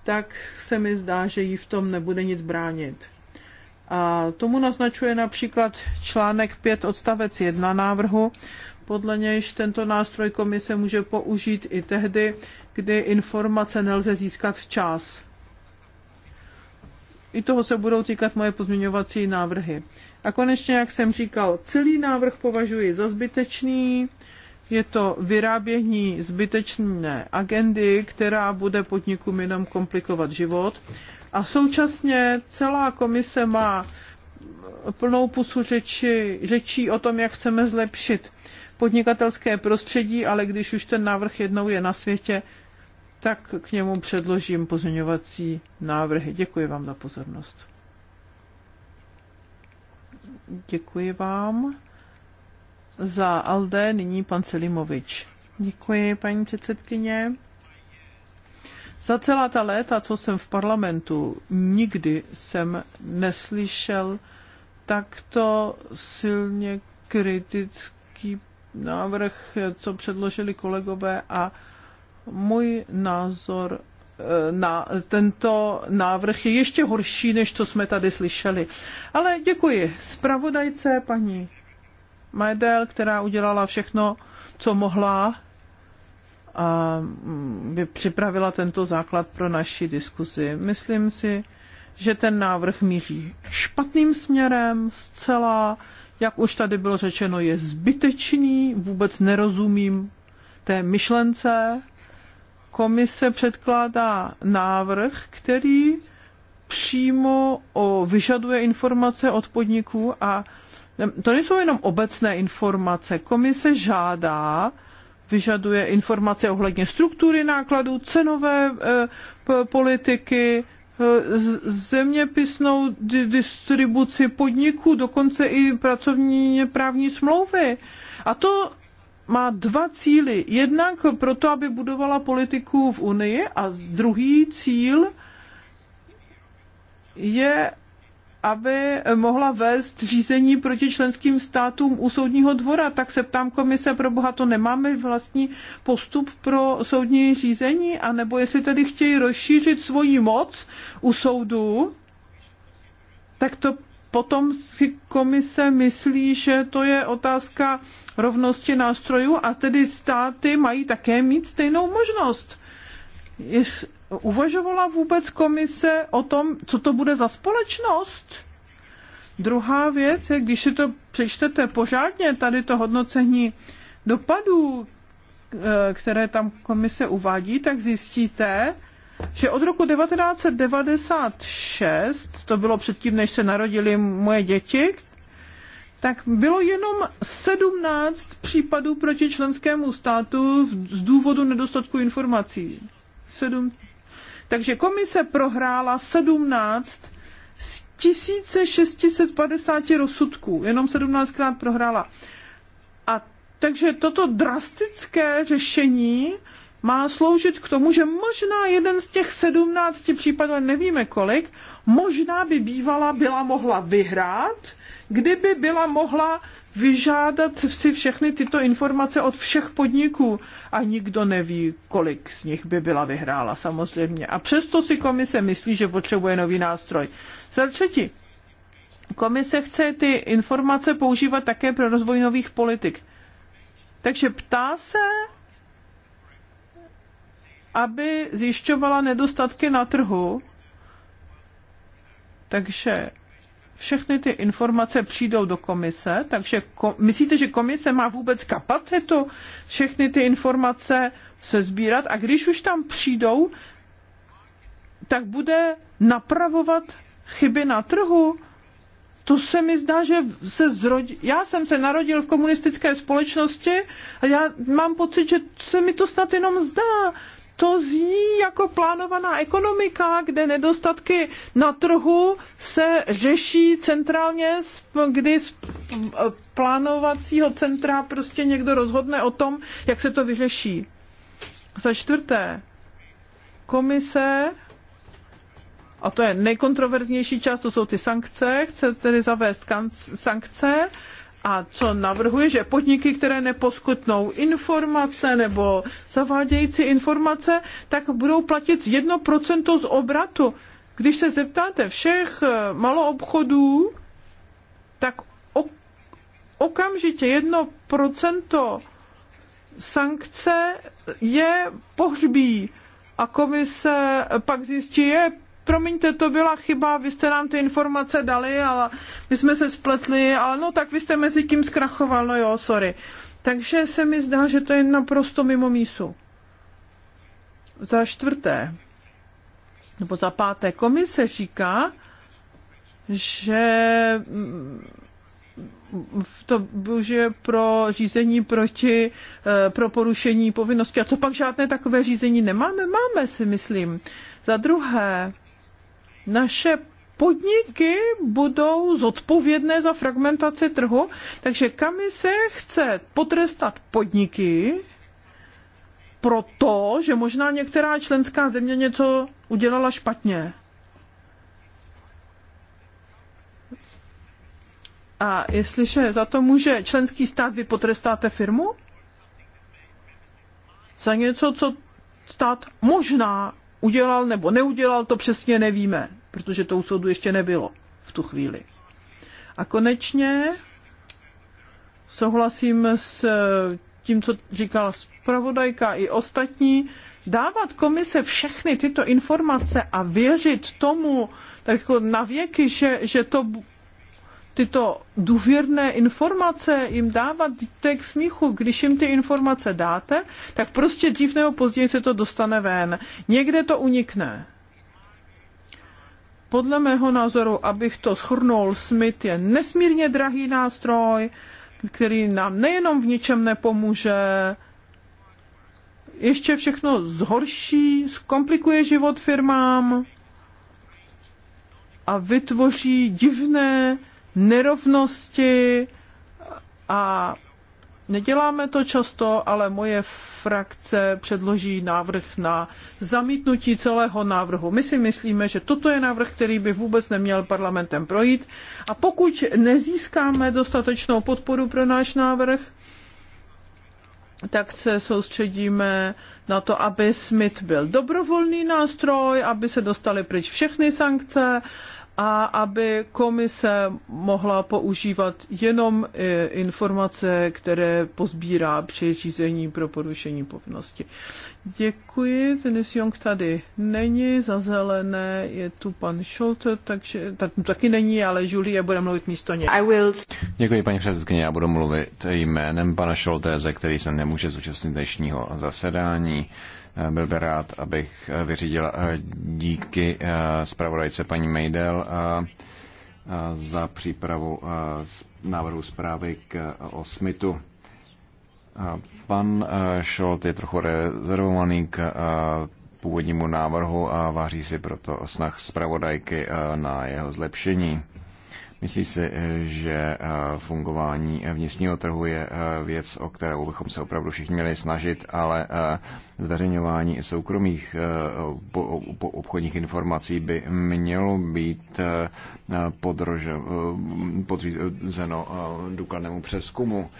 tak se mi zdá, že jí v tom nebude nic bránit. A tomu naznačuje například článek 5 odstavec 1 návrhu, podle nějž tento nástroj komise může použít i tehdy, kdy informace nelze získat včas i toho se budou týkat moje pozměňovací návrhy. A konečně, jak jsem říkal, celý návrh považuji za zbytečný. Je to vyrábění zbytečné agendy, která bude podnikům jenom komplikovat život. A současně celá komise má plnou pusu řeči, řečí o tom, jak chceme zlepšit podnikatelské prostředí, ale když už ten návrh jednou je na světě, tak k němu předložím pozměňovací návrhy. Děkuji vám za pozornost. Děkuji vám. Za Alde nyní pan Selimovič. Děkuji, paní předsedkyně. Za celá ta léta, co jsem v parlamentu, nikdy jsem neslyšel takto silně kritický návrh, co předložili kolegové a můj názor eh, na tento návrh je ještě horší, než co jsme tady slyšeli. Ale děkuji zpravodajce paní Majdel, která udělala všechno, co mohla a mm, by připravila tento základ pro naši diskuzi. Myslím si, že ten návrh míří špatným směrem zcela, jak už tady bylo řečeno, je zbytečný, vůbec nerozumím té myšlence, komise předkládá návrh, který přímo o, vyžaduje informace od podniků a to nejsou jenom obecné informace. Komise žádá, vyžaduje informace ohledně struktury nákladů, cenové e, politiky, e, zeměpisnou distribuci podniků, dokonce i pracovní právní smlouvy. A to má dva cíly. Jednak proto, aby budovala politiku v Unii a druhý cíl je, aby mohla vést řízení proti členským státům u soudního dvora. Tak se ptám komise, pro boha to nemáme vlastní postup pro soudní řízení, anebo jestli tedy chtějí rozšířit svoji moc u soudu, tak to potom si komise myslí, že to je otázka rovnosti nástrojů a tedy státy mají také mít stejnou možnost. Uvažovala vůbec komise o tom, co to bude za společnost? Druhá věc je, když si to přečtete pořádně, tady to hodnocení dopadů, eh, které tam komise uvádí, tak zjistíte, že od roku 1996, to bylo předtím, než se narodili moje děti, tak bylo jenom 17 případů proti členskému státu z důvodu nedostatku informací. Sedm. Takže komise prohrála 17 z 1650 rozsudků. Jenom 17krát prohrála. A takže toto drastické řešení má sloužit k tomu, že možná jeden z těch sedmnácti případů, nevíme kolik, možná by bývala byla mohla vyhrát, kdyby byla mohla vyžádat si všechny tyto informace od všech podniků a nikdo neví, kolik z nich by byla vyhrála samozřejmě. A přesto si komise myslí, že potřebuje nový nástroj. Za třetí, komise chce ty informace používat také pro rozvoj nových politik. Takže ptá se aby zjišťovala nedostatky na trhu. Takže všechny ty informace přijdou do komise, takže ko- myslíte, že komise má vůbec kapacitu všechny ty informace se sbírat a když už tam přijdou, tak bude napravovat chyby na trhu. To se mi zdá, že se zrodí. Já jsem se narodil v komunistické společnosti a já mám pocit, že se mi to snad jenom zdá, to zní jako plánovaná ekonomika, kde nedostatky na trhu se řeší centrálně, kdy z plánovacího centra prostě někdo rozhodne o tom, jak se to vyřeší. Za čtvrté, komise, a to je nejkontroverznější část, to jsou ty sankce, chce tedy zavést sankce a co navrhuje, že podniky, které neposkytnou informace nebo zavádějící informace, tak budou platit 1% z obratu. Když se zeptáte všech eh, maloobchodů, tak okamžitě 1% sankce je pohřbí a komise pak zjistí, je promiňte, to byla chyba, vy jste nám ty informace dali, ale my jsme se spletli, ale no tak vy jste mezi tím zkrachoval, no jo, sorry. Takže se mi zdá, že to je naprosto mimo mísu. Za čtvrté, nebo za páté, komise říká, že mm, to je pro řízení proti, eh, pro porušení povinnosti. A co pak žádné takové řízení nemáme? Máme si, myslím. Za druhé, naše podniky budou zodpovědné za fragmentaci trhu, takže se chce potrestat podniky, proto, že možná některá členská země něco udělala špatně. A jestliže za to může členský stát, vy potrestáte firmu? Za něco, co stát možná udělal nebo neudělal, to přesně nevíme protože to u soudu ještě nebylo v tu chvíli. A konečně souhlasím s tím, co říkala zpravodajka i ostatní, dávat komise všechny tyto informace a věřit tomu tak jako věky, že, že to tyto důvěrné informace jim dávat to je k smíchu. Když jim ty informace dáte, tak prostě dřív nebo později se to dostane ven. Někde to unikne. Podle mého názoru, abych to schrnul, Smith je nesmírně drahý nástroj, který nám nejenom v ničem nepomůže, ještě všechno zhorší, zkomplikuje život firmám a vytvoří divné nerovnosti a Neděláme to často, ale moje frakce předloží návrh na zamítnutí celého návrhu. My si myslíme, že toto je návrh, který by vůbec neměl parlamentem projít a pokud nezískáme dostatečnou podporu pro náš návrh, tak se soustředíme na to, aby SMIT byl dobrovolný nástroj, aby se dostaly pryč všechny sankce a aby komise mohla používat jenom e, informace, které pozbírá při řízení pro porušení povinnosti. Děkuji, Denis Jong tady není, za zelené je tu pan Schulte, takže tak, no, taky není, ale Julie bude mluvit místo něj. I will... Děkuji, paní předsedkyně, já budu mluvit jménem pana Šoltéze, který se nemůže zúčastnit dnešního zasedání. Byl by rád, abych eh, vyřídil eh, díky eh, zpravodajce paní Mejdel za přípravu návrhu zprávy k osmitu. Pan Šolt je trochu rezervovaný k původnímu návrhu a váří si proto snah zpravodajky na jeho zlepšení. Myslí si, eh, že eh, fungování eh, vnitřního trhu je věc, o kterou bychom se opravdu všichni měli snažit, ale zveřejňování soukromých obchodních informací by mělo být podřízeno důkladnému přeskumu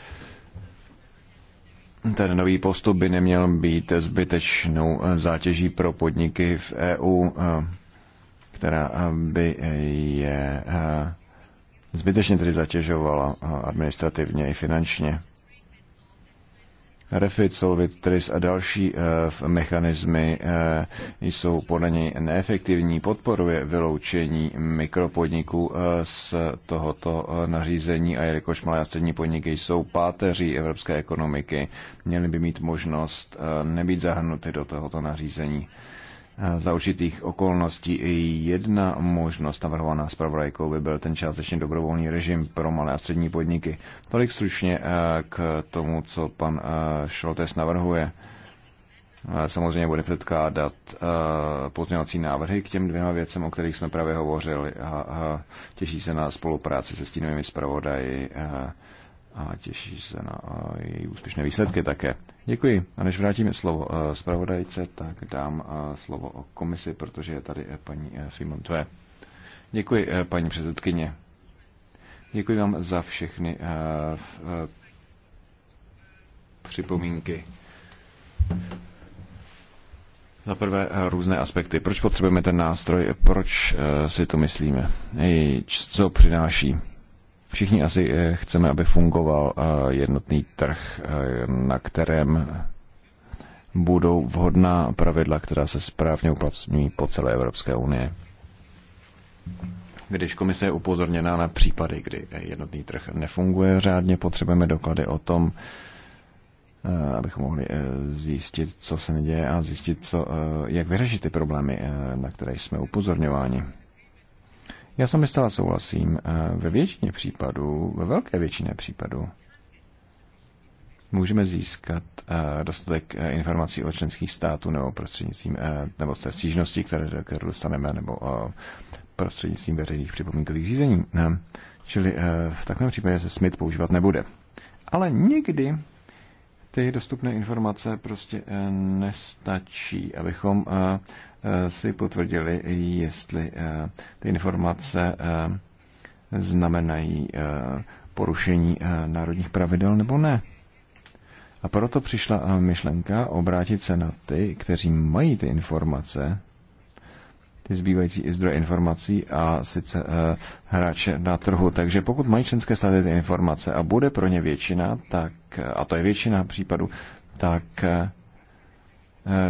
ten nový postup by neměl být zbytečnou zátěží pro podniky v EU, která by je zbytečně tedy zatěžovala administrativně i finančně. Refit, Solvit, TRIS a další uh, mechanismy e, jsou podle něj neefektivní, podporuje vyloučení mikropodniků e, z tohoto nařízení a jelikož malé a střední podniky jsou páteří evropské ekonomiky, měly by mít možnost nebýt zahrnuty do tohoto nařízení. Eh, za určitých okolností i jedna možnost navrhovaná zpravodajkou by byl ten částečně dobrovolný režim pro malé a střední podniky. Tolik stručně eh, k tomu, co pan eh, Šoltes navrhuje. Samozřejmě bude předkládat pozměňovací návrhy k těm dvěma věcem, o kterých jsme právě hovořili a těší se na spolupráci se stínovými zpravodaji a těší se na její úspěšné výsledky také. Děkuji. A než vrátím slovo eh, zpravodajce, tak dám eh, slovo o komisi, protože je tady eh, paní Fimontoje. Děkuji, paní předsedkyně. Děkuji vám za všechny připomínky. Za prvé různé aspekty. Proč potřebujeme ten nástroj? Proč si to myslíme? Co přináší? Všichni asi eh, chceme, aby fungoval eh, jednotný trh, eh, na kterém budou vhodná pravidla, která se správně uplatňují po celé Evropské unie. Když komise je upozorněná na případy, kdy jednotný trh nefunguje řádně, potřebujeme doklady o tom, abychom mohli zjistit, co se děje a zjistit, co, jak vyřešit ty problémy, na které jsme upozorňováni. Já sami stále souhlasím. Eh, ve většině případů, ve velké většině případů, můžeme získat eh, dostatek eh, informací o členských států nebo prostřednictvím, nebo z té stížnosti, které, které dostaneme, nebo prostřednictvím veřejných připomínkových řízení. Čili v takovém případě se SMIT používat nebude. Ale někdy ty dostupné informace prostě eh, nestačí, abychom eh, eh, si potvrdili, jestli ty informace znamenají porušení národních pravidel nebo ne. A proto přišla myšlenka obrátit se na ty, kteří mají ty informace ty zbývající zdroje informací a sice eh, hráče na trhu. Takže pokud mají členské státy ty informace a bude pro ně většina, tak, eh, a to je většina případů, tak eh,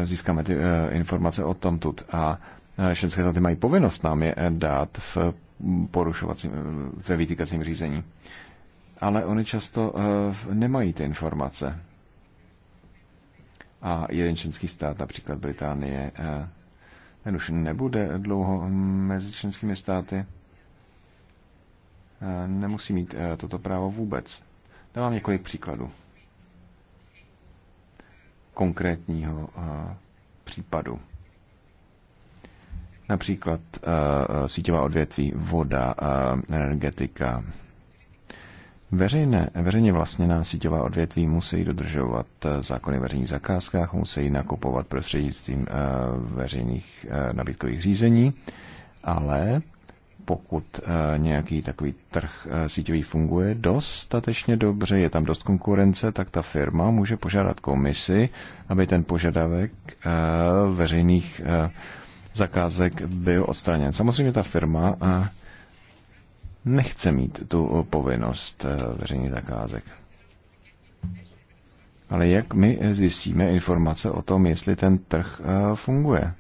získáme ty informace o tom tut. A členské státy mají povinnost nám je dát v porušovacím, ve vytýkacím řízení. Ale oni často nemají ty informace. A jeden členský stát, například Británie, ten už nebude dlouho mezi členskými státy, eh, nemusí mít eh, toto právo vůbec. Dám několik příkladů konkrétního eh, případu. Například síťová odvětví, voda, energetika, Veřejné, veřejně vlastněná síťová odvětví musí dodržovat eh, zákony veřejných zakázkách, musí nakupovat prostřednictvím eh, veřejných eh, nabídkových řízení, ale pokud nějaký takový trh síťový funguje dostatečně dobře, je tam dost konkurence, tak ta firma může požádat komisi, aby ten požadavek veřejných zakázek byl odstraněn. Samozřejmě ta firma nechce mít tu povinnost eh, veřejných zakázek. Ale jak my zjistíme informace o tom, jestli ten trh eh, funguje?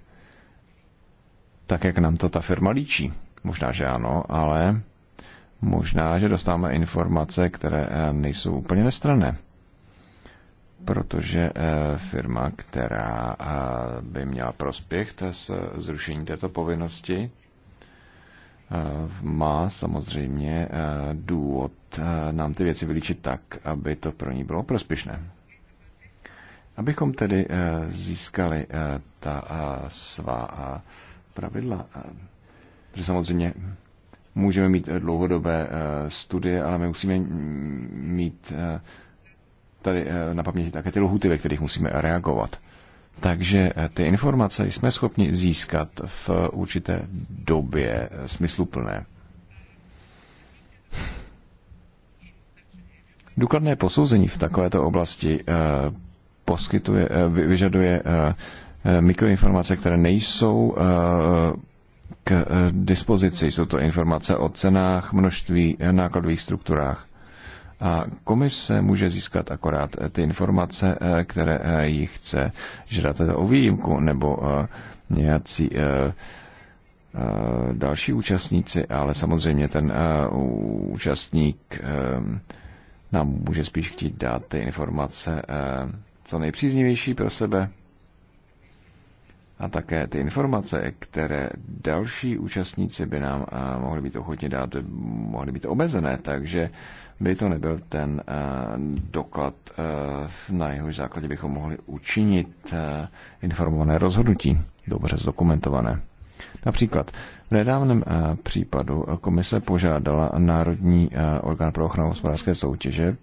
Tak, jak nám to ta firma líčí. Možná, že ano, ale možná, že dostáváme informace, které eh, nejsou úplně nestranné. Protože firma, která by měla prospěch z zrušení této povinnosti, má samozřejmě eh, důvod eh, nám ty věci vylíčit tak, aby to pro ní bylo prospěšné. Abychom tedy eh, získali ta svá pravidla, protože samozřejmě můžeme mít dlouhodobé studie, ale my musíme mm, mít tady na paměti také ty lhuty, ve kterých musíme reagovat. Takže eh, ty informace jsme schopni získat v určité době eh, smysluplné. Důkladné posouzení v takovéto oblasti eh, poskytuje, vyžaduje mikroinformace, které nejsou k dispozici. Jsou to informace o cenách, množství, nákladových strukturách a komise může získat akorát eh, ty informace, eh, které eh, ji chce žadatel o výjimku nebo nějací další účastníci, ale samozřejmě ten účastník nám může spíš chtít dát ty informace co nejpříznivější pro sebe a také ty informace, které další účastníci by nám eh, mohli být ochotně dát, mohly být omezené, takže by to nebyl ten eh, doklad, eh, na jehož základě bychom mohli učinit informované rozhodnutí, dobře zdokumentované. Například v nedávném případu komise požádala Národní orgán pro ochranu hospodářské soutěže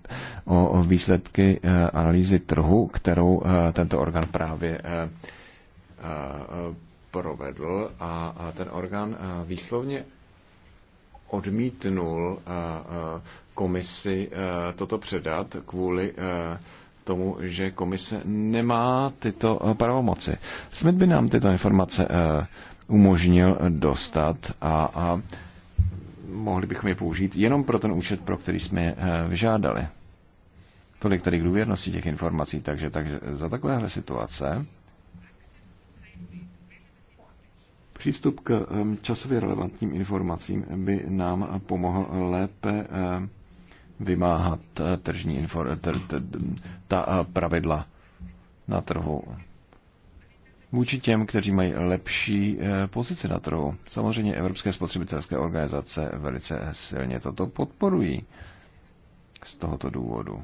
o výsledky analýzy trhu, kterou tento orgán právě Eh, provedl a ten orgán eh, výslovně odmítnul eh, komisi toto předat kvůli tomu, že komise nemá tyto pravomoci. Smith by nám tyto informace umožnil dostat a, a mohli bychom je použít jenom pro ten účet, pro který jsme je vyžádali. Tolik tady k důvěrnosti těch informací, takže, takže za takovéhle situace Přístup k časově relevantním informacím by nám pomohl lépe vymáhat eh, tržní infor, t, t, ta eh, pravidla na trhu vůči těm, kteří mají lepší eh, pozici na trhu. Samozřejmě evropské spotřebitelské organizace velice silně toto podporují z tohoto důvodu.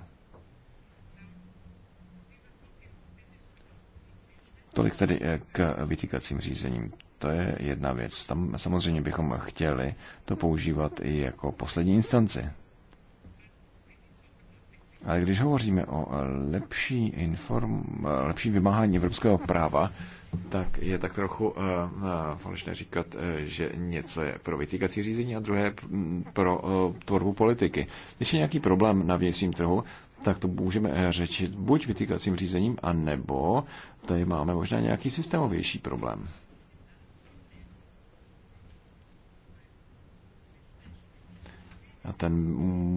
Tolik tedy k vytýkacím řízením. To je jedna věc. Tam samozřejmě bychom chtěli to používat i jako poslední instanci. Ale když hovoříme o lepší, inform, lepší vymáhání evropského práva, tak je tak trochu uh, falešné říkat, eh, že něco je pro vytýkací řízení a druhé pro uh, tvorbu politiky. Když je nějaký problém na vnitřním trhu, tak to můžeme řečit buď vytýkacím řízením, anebo tady máme možná nějaký systémovější problém. A ten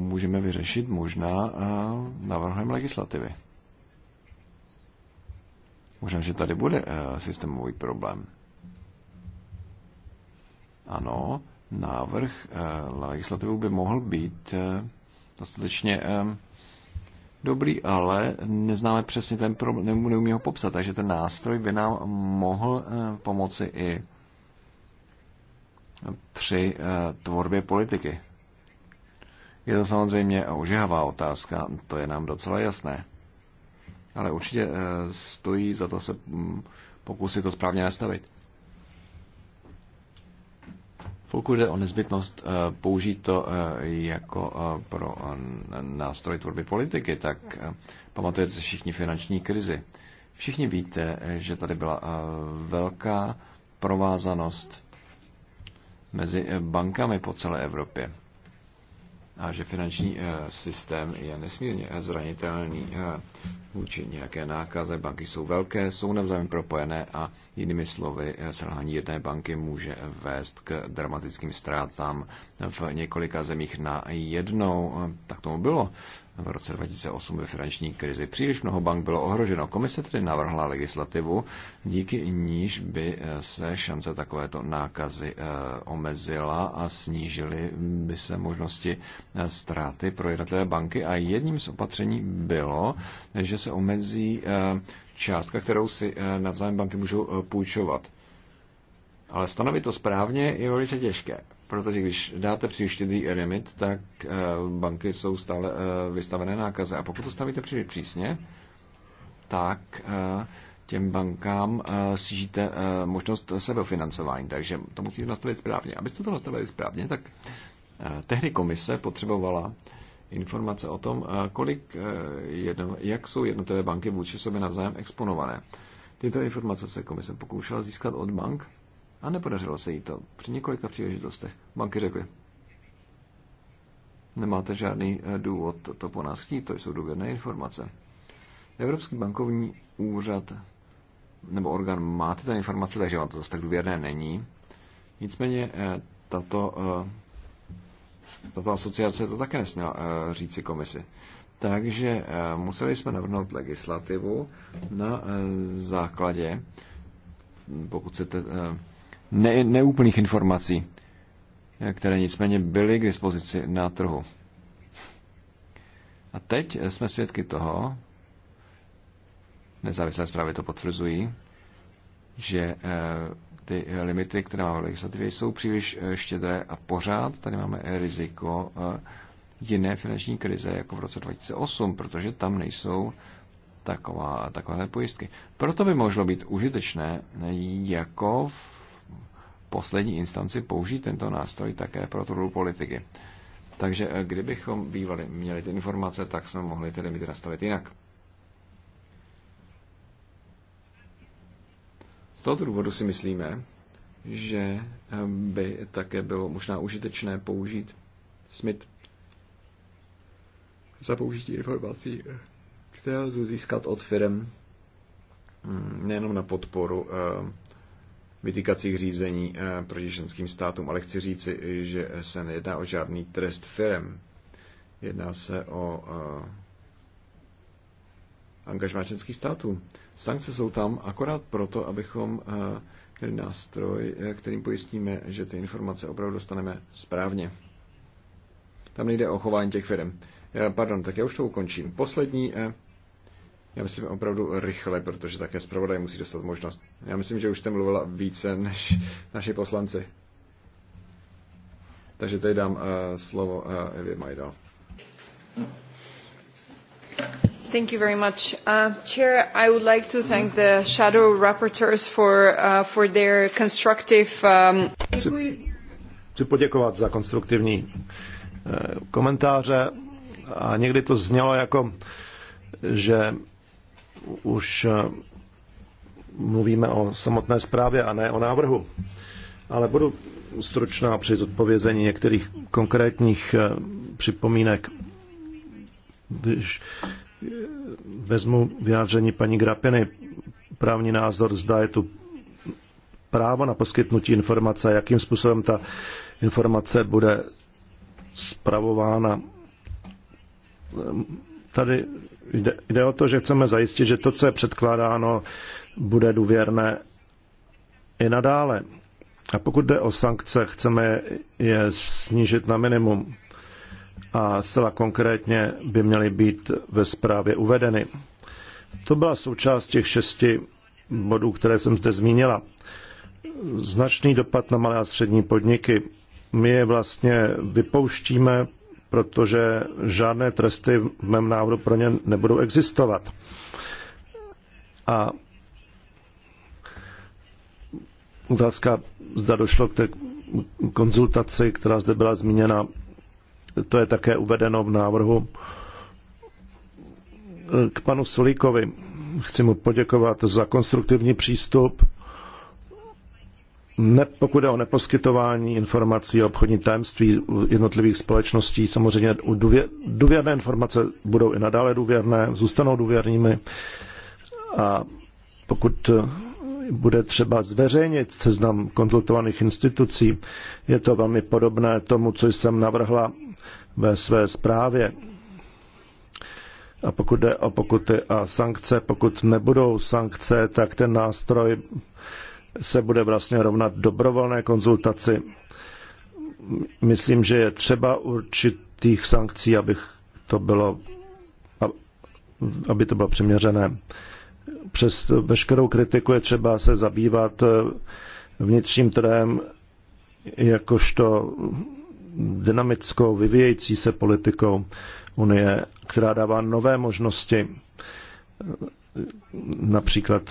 můžeme vyřešit možná eh, návrhem legislativy. Možná, že tady bude eh, systémový problém. Ano, návrh eh, legislativy by mohl být dostatečně dobrý, ale neznáme přesně ten problém, neumí ho popsat, takže ten nástroj by nám mohl pomoci i při tvorbě politiky. Je to samozřejmě ožehavá otázka, to je nám docela jasné. Ale určitě eh, stojí za to se mm, pokusit to správně nastavit. Pokud jde o nezbytnost eh, použít to eh, jako pro nástroj tvorby politiky, tak pamatujete se všichni finanční krizi. Všichni víte, že tady byla velká provázanost mezi bankami po celé Evropě a že finanční eh, systém je nesmírně eh, zranitelný eh, vůči nějaké nákaze. Banky jsou velké, jsou navzájem propojené a jinými slovy selhání jedné banky může vést k dramatickým ztrátám v několika zemích na jednou. Tak tomu bylo v roce 2008 ve finanční krizi. Příliš mnoho bank bylo ohroženo. Komise tedy navrhla legislativu, díky níž by eh, se šance takovéto nákazy eh, omezila a snížily by se možnosti eh, ztráty pro jednotlivé banky. A jedním z opatření bylo, že se omezí částka, kterou si navzájem banky můžou půjčovat. Ale stanovit to správně je velice těžké. Protože když dáte příliš štědrý remit, tak eh, banky jsou stále eh, vystavené nákaze. A pokud to stavíte příliš přísně, tak eh, těm bankám snížíte možnost sebefinancování. Takže to musíte nastavit správně. Abyste to nastavili správně, tak tehdy komise potřebovala informace o tom, kolik jedno, jak jsou jednotlivé banky vůči sobě navzájem exponované. Tyto informace se komise pokoušela získat od bank, a nepodařilo se jí to. Při několika příležitostech banky řekly, nemáte žádný eh, důvod to po nás chtít, to jsou důvěrné informace. Evropský bankovní úřad nebo orgán má tyto informace, takže vám to zase tak důvěrné není. Nicméně eh, tato, eh, tato asociace to také nesměla říci komisi. Takže museli jsme navrhnout legislativu na základě, pokud chcete ne, neúplných informací, které nicméně byly k dispozici na trhu. A teď jsme svědky toho, nezávislé zprávy to potvrzují, že eh, ty limity, které máme v legislativě, jsou příliš eh, štědré a pořád tady máme riziko eh, jiné finanční krize jako v roce 2008, protože tam nejsou taková, takové pojistky. Proto by mohlo být užitečné jako v poslední instanci použít tento nástroj také pro tvorbu politiky. Takže eh, kdybychom bývali měli ty informace, tak jsme mohli ty limity nastavit jinak. Z tohoto důvodu si myslíme, že eh, by také bylo možná užitečné použít SMIT za použití informací, eh, které lze získat od firm mm, nejenom na podporu vytýkacích řízení eh, proti ženským státům, ale chci říci, že se nejedná o žádný trest firem. Jedná se o eh, angažmá ženských států. Sankce jsou tam akorát proto, abychom eh, měli nástroj, kterým pojistíme, že ty informace opravdu dostaneme správně. Tam nejde o chování těch firm. Pardon, tak já už to ukončím. Poslední já myslím opravdu rychle, protože také zpravodaj musí dostat možnost. Já myslím, že už jste mluvila více než naši poslanci. Takže tady dám uh, slovo uh, Evě Majdal. Thank you very much. Uh, Chair, I would like to thank the shadow rapporteurs for, uh, for their constructive... Um... Chci, chci poděkovat za konstruktivní uh, komentáře a někdy to znělo jako že už eh, mluvíme o samotné zprávě a ne o návrhu. Ale budu stručná při zodpovězení některých konkrétních eh, připomínek. Když eh, vezmu vyjádření paní Grapiny, právní názor, zda je tu právo na poskytnutí informace, jakým způsobem ta informace bude spravována Tady jde, jde o to, že chceme zajistit, že to, co je předkládáno, bude důvěrné i nadále. A pokud jde o sankce, chceme je snížit na minimum a zcela konkrétně by měly být ve zprávě uvedeny. To byla součást těch šesti bodů, které jsem zde zmínila. Značný dopad na malé a střední podniky. My je vlastně vypouštíme, protože žádné tresty v mém návrhu pro ně nebudou existovat. A otázka, zda došlo k té konzultaci, která zde byla zmíněna, to je také uvedeno v návrhu k panu Solíkovi. Chci mu poděkovat za konstruktivní přístup ne, pokud jde o neposkytování informací o obchodní tajemství jednotlivých společností, samozřejmě důvě, důvěrné informace budou i nadále důvěrné, zůstanou důvěrnými a pokud bude třeba zveřejnit seznam konzultovaných institucí, je to velmi podobné tomu, co jsem navrhla ve své zprávě. A pokud jde o pokuty a sankce, pokud nebudou sankce, tak ten nástroj se bude vlastně rovnat dobrovolné konzultaci. Myslím, že je třeba určitých sankcí, abych to bylo, aby to bylo přiměřené. Přes veškerou kritiku je třeba se zabývat eh, vnitřním trhem jakožto dynamickou, vyvíjející se politikou Unie, která dává nové možnosti například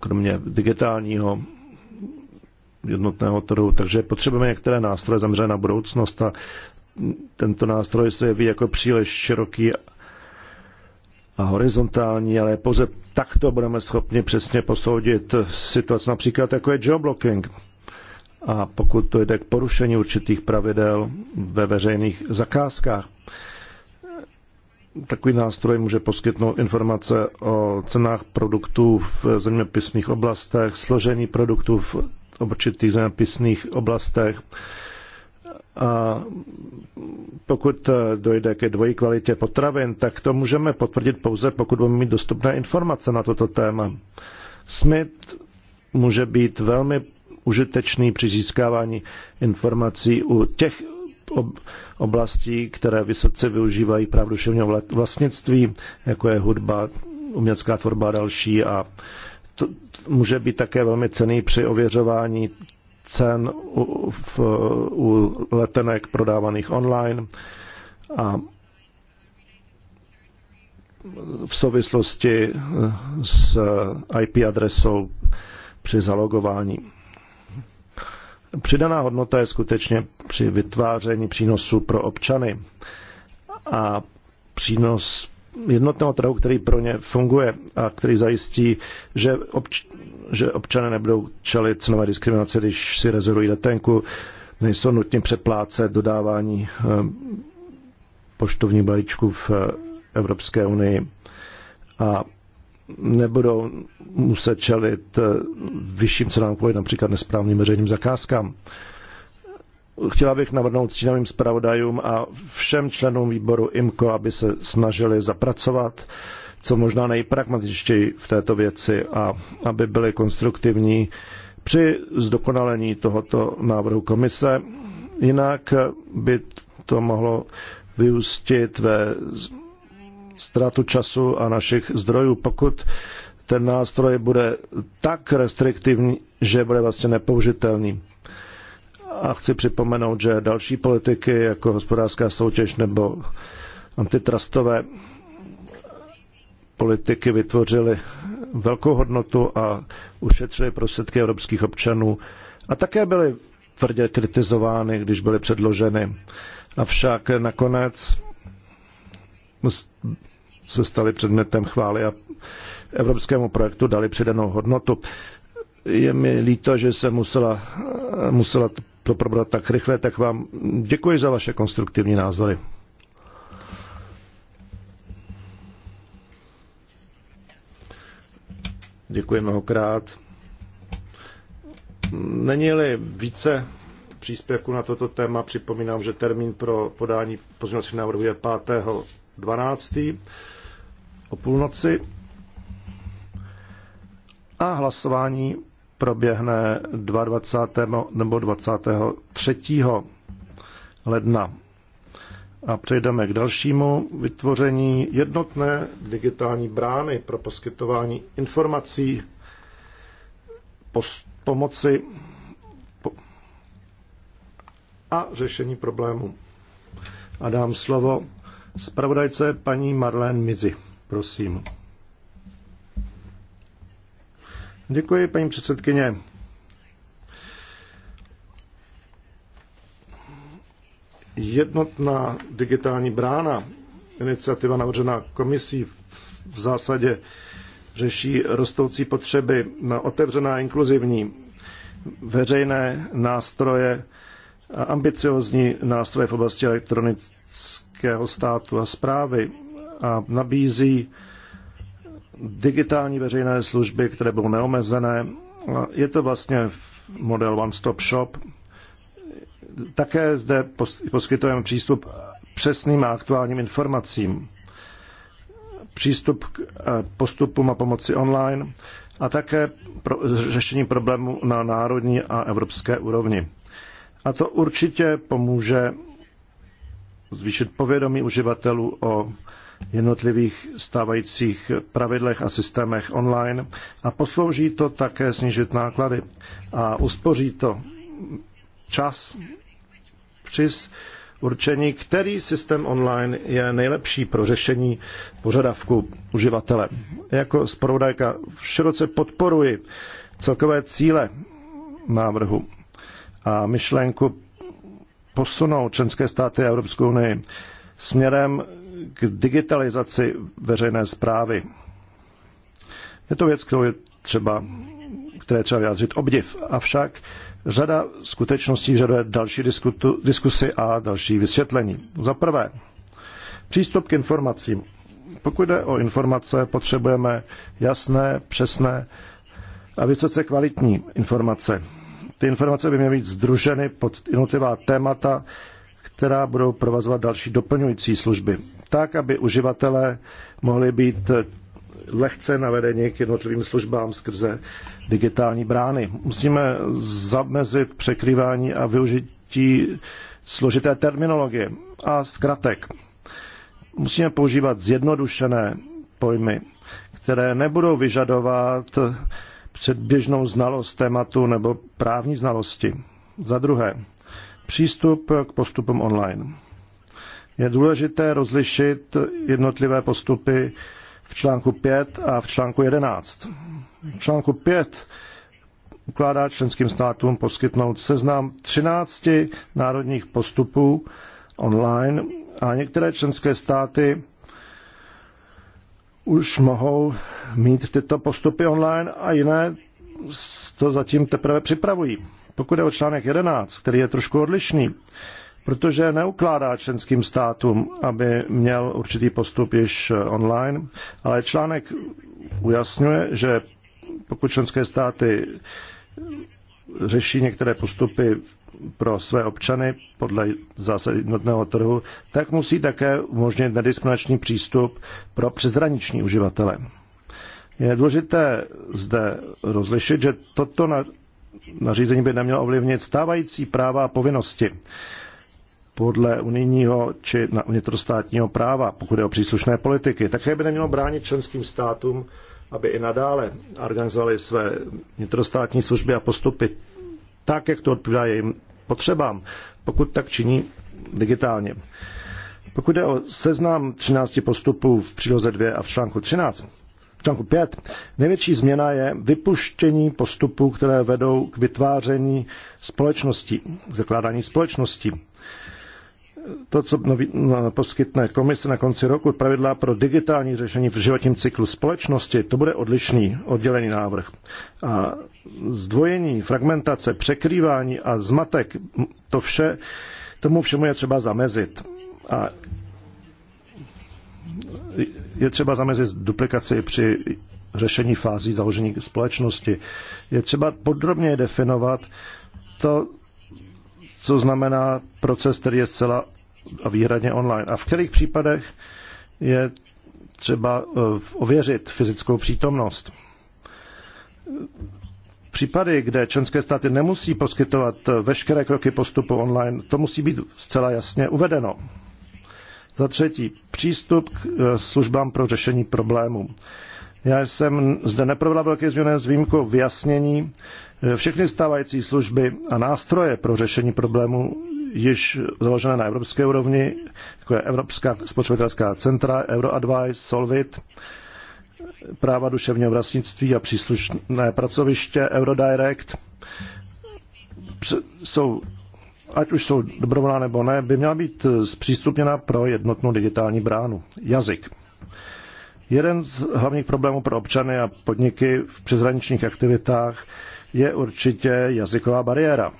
kromě digitálního jednotného trhu. Takže potřebujeme některé nástroje zaměřené na budoucnost a tento nástroj se jeví jako příliš široký a horizontální, ale pouze takto budeme schopni přesně posoudit situaci, například jako je geoblocking. A pokud to jde k porušení určitých pravidel ve veřejných zakázkách, Takový nástroj může poskytnout informace o cenách produktů v zeměpisných oblastech, složení produktů v určitých zeměpisných oblastech. A pokud dojde ke dvojí kvalitě potravin, tak to můžeme potvrdit pouze, pokud budeme mít dostupné informace na toto téma. Smith může být velmi užitečný při získávání informací u těch oblastí, které vysoce využívají práv duševního vlastnictví, jako je hudba, umělecká tvorba a další. A to může být také velmi cený při ověřování cen u, v, u letenek prodávaných online a v souvislosti s IP adresou při zalogování. Přidaná hodnota je skutečně při vytváření přínosu pro občany a přínos jednotného trhu, který pro ně funguje a který zajistí, že, obč- že občané nebudou čelit cenové diskriminace, když si rezervují letenku, nejsou nutně přeplácet dodávání eh, poštovní balíčků v eh, Evropské unii. A nebudou muset čelit eh, vyšším cenám kvůli například nesprávným veřejným zakázkám. Chtěla bych navrhnout stínovým zpravodajům a všem členům výboru IMCO, aby se snažili zapracovat co možná nejpragmatičtěji v této věci a aby byli konstruktivní při zdokonalení tohoto návrhu komise. Jinak by to mohlo vyústit ve ztrátu času a našich zdrojů, pokud ten nástroj bude tak restriktivní, že bude vlastně nepoužitelný. A chci připomenout, že další politiky, jako hospodářská soutěž nebo antitrustové politiky, vytvořily velkou hodnotu a ušetřily prostředky evropských občanů a také byly tvrdě kritizovány, když byly předloženy. Avšak nakonec se staly předmětem chvály a evropskému projektu dali přidanou hodnotu. Je mi líto, že jsem musela, musela to probrat tak rychle, tak vám děkuji za vaše konstruktivní názory. Děkuji mnohokrát. Není-li více příspěvku na toto téma, připomínám, že termín pro podání pozměňovacích návrhů je 5. 12 o půlnoci a hlasování proběhne 22. nebo 23. ledna. A přejdeme k dalšímu vytvoření jednotné digitální brány pro poskytování informací pos- pomoci po- a řešení problémů. A dám slovo zpravodajce paní Marlene Mizi. Prosím. Děkuji, paní předsedkyně. Jednotná digitální brána, iniciativa navržená komisí, v zásadě řeší rostoucí potřeby na otevřená inkluzivní veřejné nástroje a ambiciozní nástroje v oblasti elektronického státu a zprávy a nabízí digitální veřejné služby, které budou neomezené. Je to vlastně model one-stop shop. Také zde poskytujeme přístup přesným a aktuálním informacím, přístup k e, postupům a pomoci online a také pro řešení problémů na národní a evropské úrovni. A to určitě pomůže zvýšit povědomí uživatelů o jednotlivých stávajících pravidlech a systémech online a poslouží to také snížit náklady a uspoří to čas při určení, který systém online je nejlepší pro řešení požadavku uživatele. Jako zpravodajka široce podporuji celkové cíle návrhu a myšlenku posunout členské státy a Evropskou unii směrem k digitalizaci veřejné zprávy. Je to věc, kterou je třeba, které třeba vyjádřit obdiv. Avšak řada skutečností žaduje další diskutu, diskusy a další vysvětlení. Za prvé, přístup k informacím. Pokud jde o informace, potřebujeme jasné, přesné a vysoce kvalitní informace. Ty informace by měly být združeny pod jednotlivá témata, která budou provazovat další doplňující služby, tak, aby uživatelé mohli být lehce navedeni k jednotlivým službám skrze digitální brány. Musíme zamezit překrývání a využití složité terminologie a zkratek. Musíme používat zjednodušené pojmy, které nebudou vyžadovat předběžnou znalost tématu nebo právní znalosti. Za druhé, Přístup k postupům online. Je důležité rozlišit jednotlivé postupy v článku 5 a v článku 11. V článku 5 ukládá členským státům poskytnout seznam 13 národních postupů online a některé členské státy už mohou mít tyto postupy online a jiné to zatím teprve připravují. Pokud je o článek 11, který je trošku odlišný, protože neukládá členským státům, aby měl určitý postup již online, ale článek ujasňuje, že pokud členské státy řeší některé postupy pro své občany podle zásad jednotného trhu, tak musí také umožnit nediskriminační přístup pro přezraniční uživatele. Je důležité zde rozlišit, že toto nařízení by nemělo ovlivnit stávající práva a povinnosti podle unijního či na vnitrostátního práva, pokud je o příslušné politiky. Také by nemělo bránit členským státům, aby i nadále organizovali své vnitrostátní služby a postupy tak, jak to odpovídá jejím potřebám, pokud tak činí digitálně. Pokud je o seznam 13 postupů v příloze 2 a v článku 13, článku 5. Největší změna je vypuštění postupů, které vedou k vytváření společnosti, zakládání společnosti. To, co no, poskytne komise na konci roku, pravidla pro digitální řešení v životním cyklu společnosti, to bude odlišný oddělený návrh. A zdvojení, fragmentace, překrývání a zmatek, to vše, tomu všemu je třeba zamezit. A je třeba zamezit duplikaci při řešení fází založení společnosti. Je třeba podrobně definovat to, co znamená proces, který je zcela a výhradně online. A v kterých případech je třeba eh, ověřit fyzickou přítomnost. Případy, kde členské státy nemusí poskytovat eh, veškeré kroky postupu online, to musí být zcela jasně uvedeno. Za třetí, přístup k e, službám pro řešení problémů. Já jsem zde neprovedla velké změny s výjimkou vyjasnění. E, všechny stávající služby a nástroje pro řešení problémů již založené na evropské úrovni, jako je Evropská spotřebitelská centra, Euroadvice, Solvit, práva duševního vlastnictví a příslušné pracoviště Eurodirect, jsou ať už jsou dobrovolná nebo ne, by měla být eh, zpřístupněna pro jednotnou digitální bránu. Jazyk. Jeden z hlavních problémů pro občany a podniky v přeshraničních aktivitách je určitě jazyková bariéra.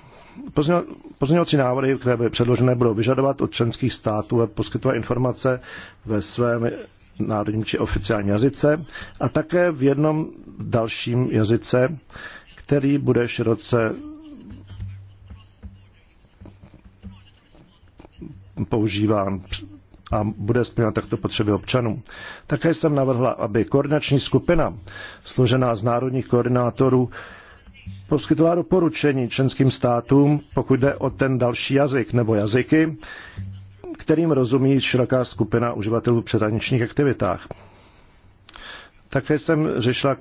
Pozměňovací návrhy, které by předložené, budou vyžadovat od členských států a poskytovat informace ve svém národním či oficiálním jazyce a také v jednom dalším jazyce, který bude široce používán a bude splňovat takto potřeby občanů. Také jsem navrhla, aby koordinační skupina, složená z národních koordinátorů, poskytla doporučení členským státům, pokud jde o ten další jazyk nebo jazyky, kterým rozumí široká skupina uživatelů v přeshraničních aktivitách. Také jsem řešila e,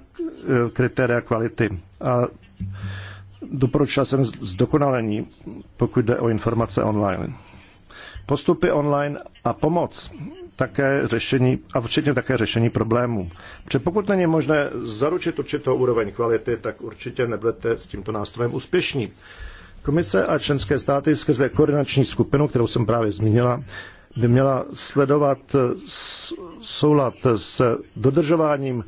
kritéria kvality a doporučila jsem zdokonalení, pokud jde o informace online postupy online a pomoc také řešení, a určitě také řešení problémů. Protože pokud není možné zaručit určitou úroveň kvality, tak určitě nebudete s tímto nástrojem úspěšní. Komise a členské státy skrze koordinační skupinu, kterou jsem právě zmínila, by měla sledovat soulad s dodržováním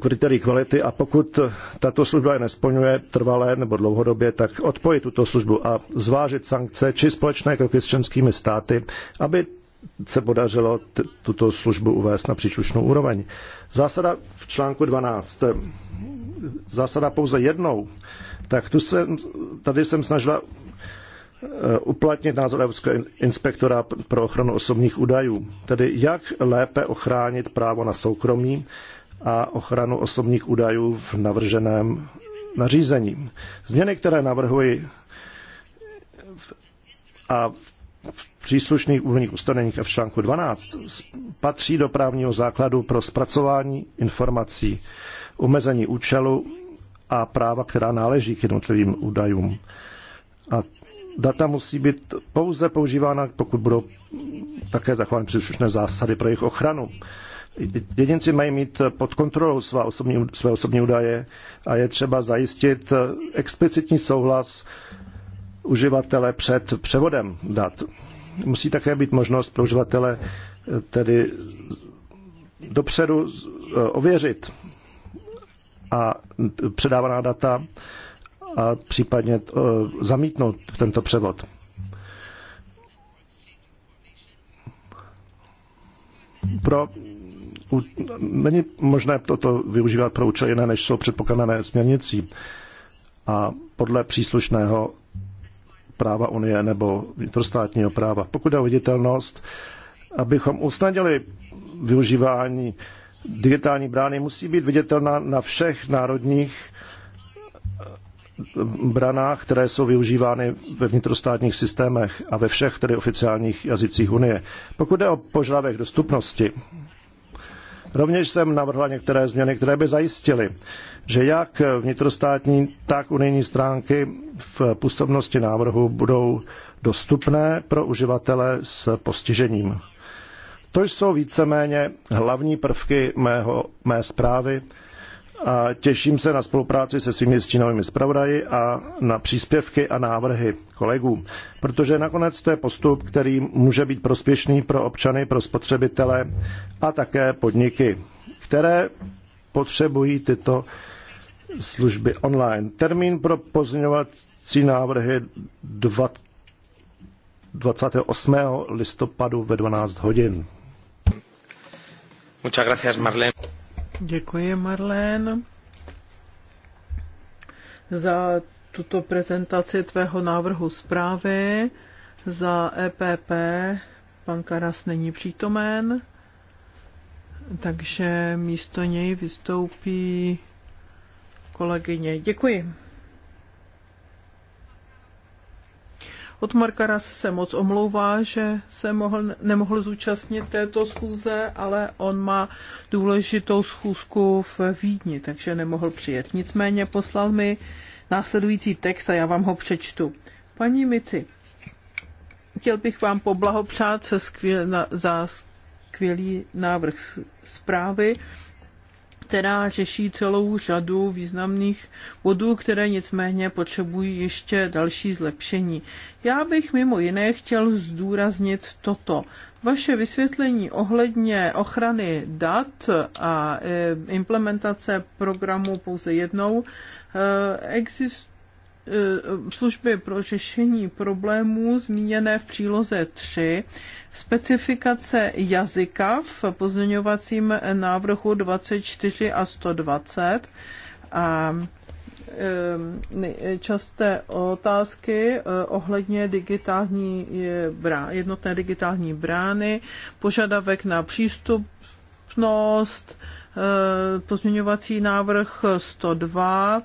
kritérií kvality a pokud tato služba je nesplňuje trvalé nebo dlouhodobě, tak odpojit tuto službu a zvážit sankce či společné kroky s členskými státy, aby se podařilo tuto službu uvést na příslušnou úroveň. Zásada v článku 12. Zásada pouze jednou. Tak tu jsem, tady jsem snažila eh, uplatnit názor Evropského inspektora pro ochranu osobních údajů, tedy jak lépe ochránit právo na soukromí a ochranu osobních údajů v navrženém nařízení. Změny, které navrhuji a v příslušných úvodních ustanoveních a v článku 12 patří do právního základu pro zpracování informací, omezení účelu a práva, která náleží k jednotlivým údajům. A data musí být pouze používána, pokud budou také zachovány příslušné zásady pro jejich ochranu. Jedinci mají mít pod kontrolou svá osobní, své osobní údaje a je třeba zajistit explicitní souhlas uživatele před převodem dat. Musí také být možnost pro uživatele eh, tedy dopředu eh, ověřit a předávaná data a případně eh, zamítnout tento převod. Pro není možné toto využívat pro účely jiné, než jsou předpokládané směrnicí a podle příslušného práva Unie nebo vnitrostátního práva. Pokud je o viditelnost, abychom usnadili využívání digitální brány, musí být viditelná na všech národních eh, branách, které jsou využívány ve vnitrostátních systémech a ve všech tedy oficiálních jazycích Unie. Pokud jde o požadavek dostupnosti, Rovněž jsem navrhla některé změny, které by zajistily, že jak vnitrostátní, tak unijní stránky v působnosti návrhu budou dostupné pro uživatele s postižením. To jsou víceméně hlavní prvky mého, mé zprávy a těším se na spolupráci se svými stínovými zpravodaji a na příspěvky a návrhy kolegů, protože nakonec to je postup, který může být prospěšný pro občany, pro spotřebitele a také podniky, které potřebují tyto služby online. Termín pro pozměňovací návrhy 28. listopadu ve 12 hodin. Muchas gracias, Marlene. Děkuji, Marlén, za tuto prezentaci tvého návrhu zprávy. Za EPP pan Karas není přítomen, takže místo něj vystoupí kolegyně. Děkuji. Otmar Karas se moc omlouvá, že se mohl, nemohl zúčastnit této schůze, ale on má důležitou schůzku v Vídni, takže nemohl přijet. Nicméně poslal mi následující text a já vám ho přečtu. Paní Mici, chtěl bych vám poblahopřát se skvěl, na, za skvělý návrh zprávy která řeší celou řadu významných bodů, které nicméně potřebují ještě další zlepšení. Já bych mimo jiné chtěl zdůraznit toto. Vaše vysvětlení ohledně ochrany dat a e, implementace programu pouze jednou e, existuje Eh, služby pro řešení problémů zmíněné v příloze 3, specifikace jazyka v pozměňovacím návrhu 24 a 120 a eh, časté otázky eh, ohledně digitální jednotné digitální brány, požadavek na přístupnost, pozměňovací návrh 102,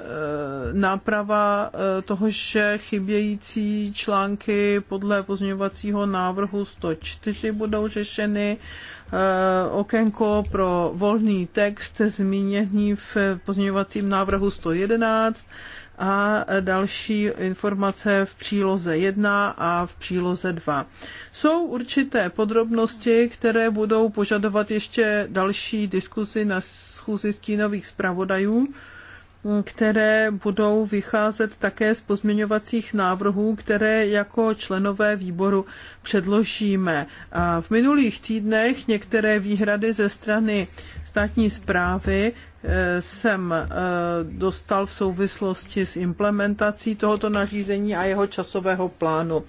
Eh, náprava eh, toho, že chybějící články podle pozměňovacího návrhu 104 budou řešeny. Eh, okénko pro volný text zmíněný v pozměňovacím návrhu 111 a další informace v příloze 1 a v příloze 2. Jsou určité podrobnosti, které budou požadovat ještě další diskusy na schůzi stínových zpravodajů které budou vycházet také z pozměňovacích návrhů, které jako členové výboru předložíme. A v minulých týdnech některé výhrady ze strany státní zprávy eh, jsem eh, dostal v souvislosti s implementací tohoto nařízení a jeho časového plánu.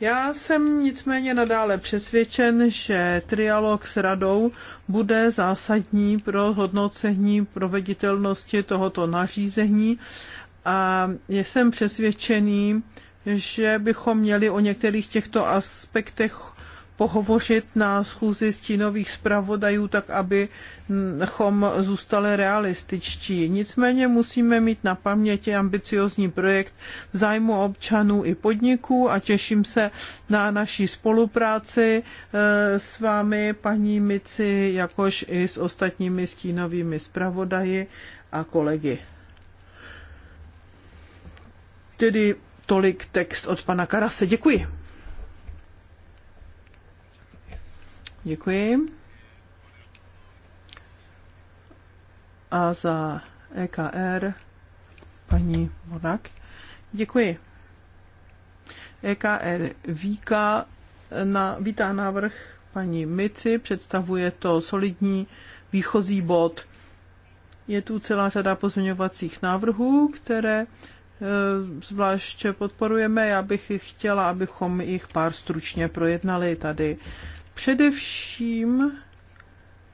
Já jsem nicméně nadále přesvědčen, že trialog s radou bude zásadní pro hodnocení proveditelnosti tohoto nařízení a jsem přesvědčený, že bychom měli o některých těchto aspektech pohovořit na schůzi stínových zpravodajů, tak abychom zůstali realističtí. Nicméně musíme mít na paměti ambiciozní projekt v zájmu občanů i podniků a těším se na naší spolupráci eh, s vámi, paní Mici, jakož i s ostatními stínovými zpravodaji a kolegy. Tedy tolik text od pana Karase. Děkuji. Děkuji. A za EKR paní Monak. Děkuji. EKR víka na, vítá návrh paní Mici, představuje to solidní výchozí bod. Je tu celá řada pozměňovacích návrhů, které e, zvlášť podporujeme. Já bych chtěla, abychom jich pár stručně projednali tady Především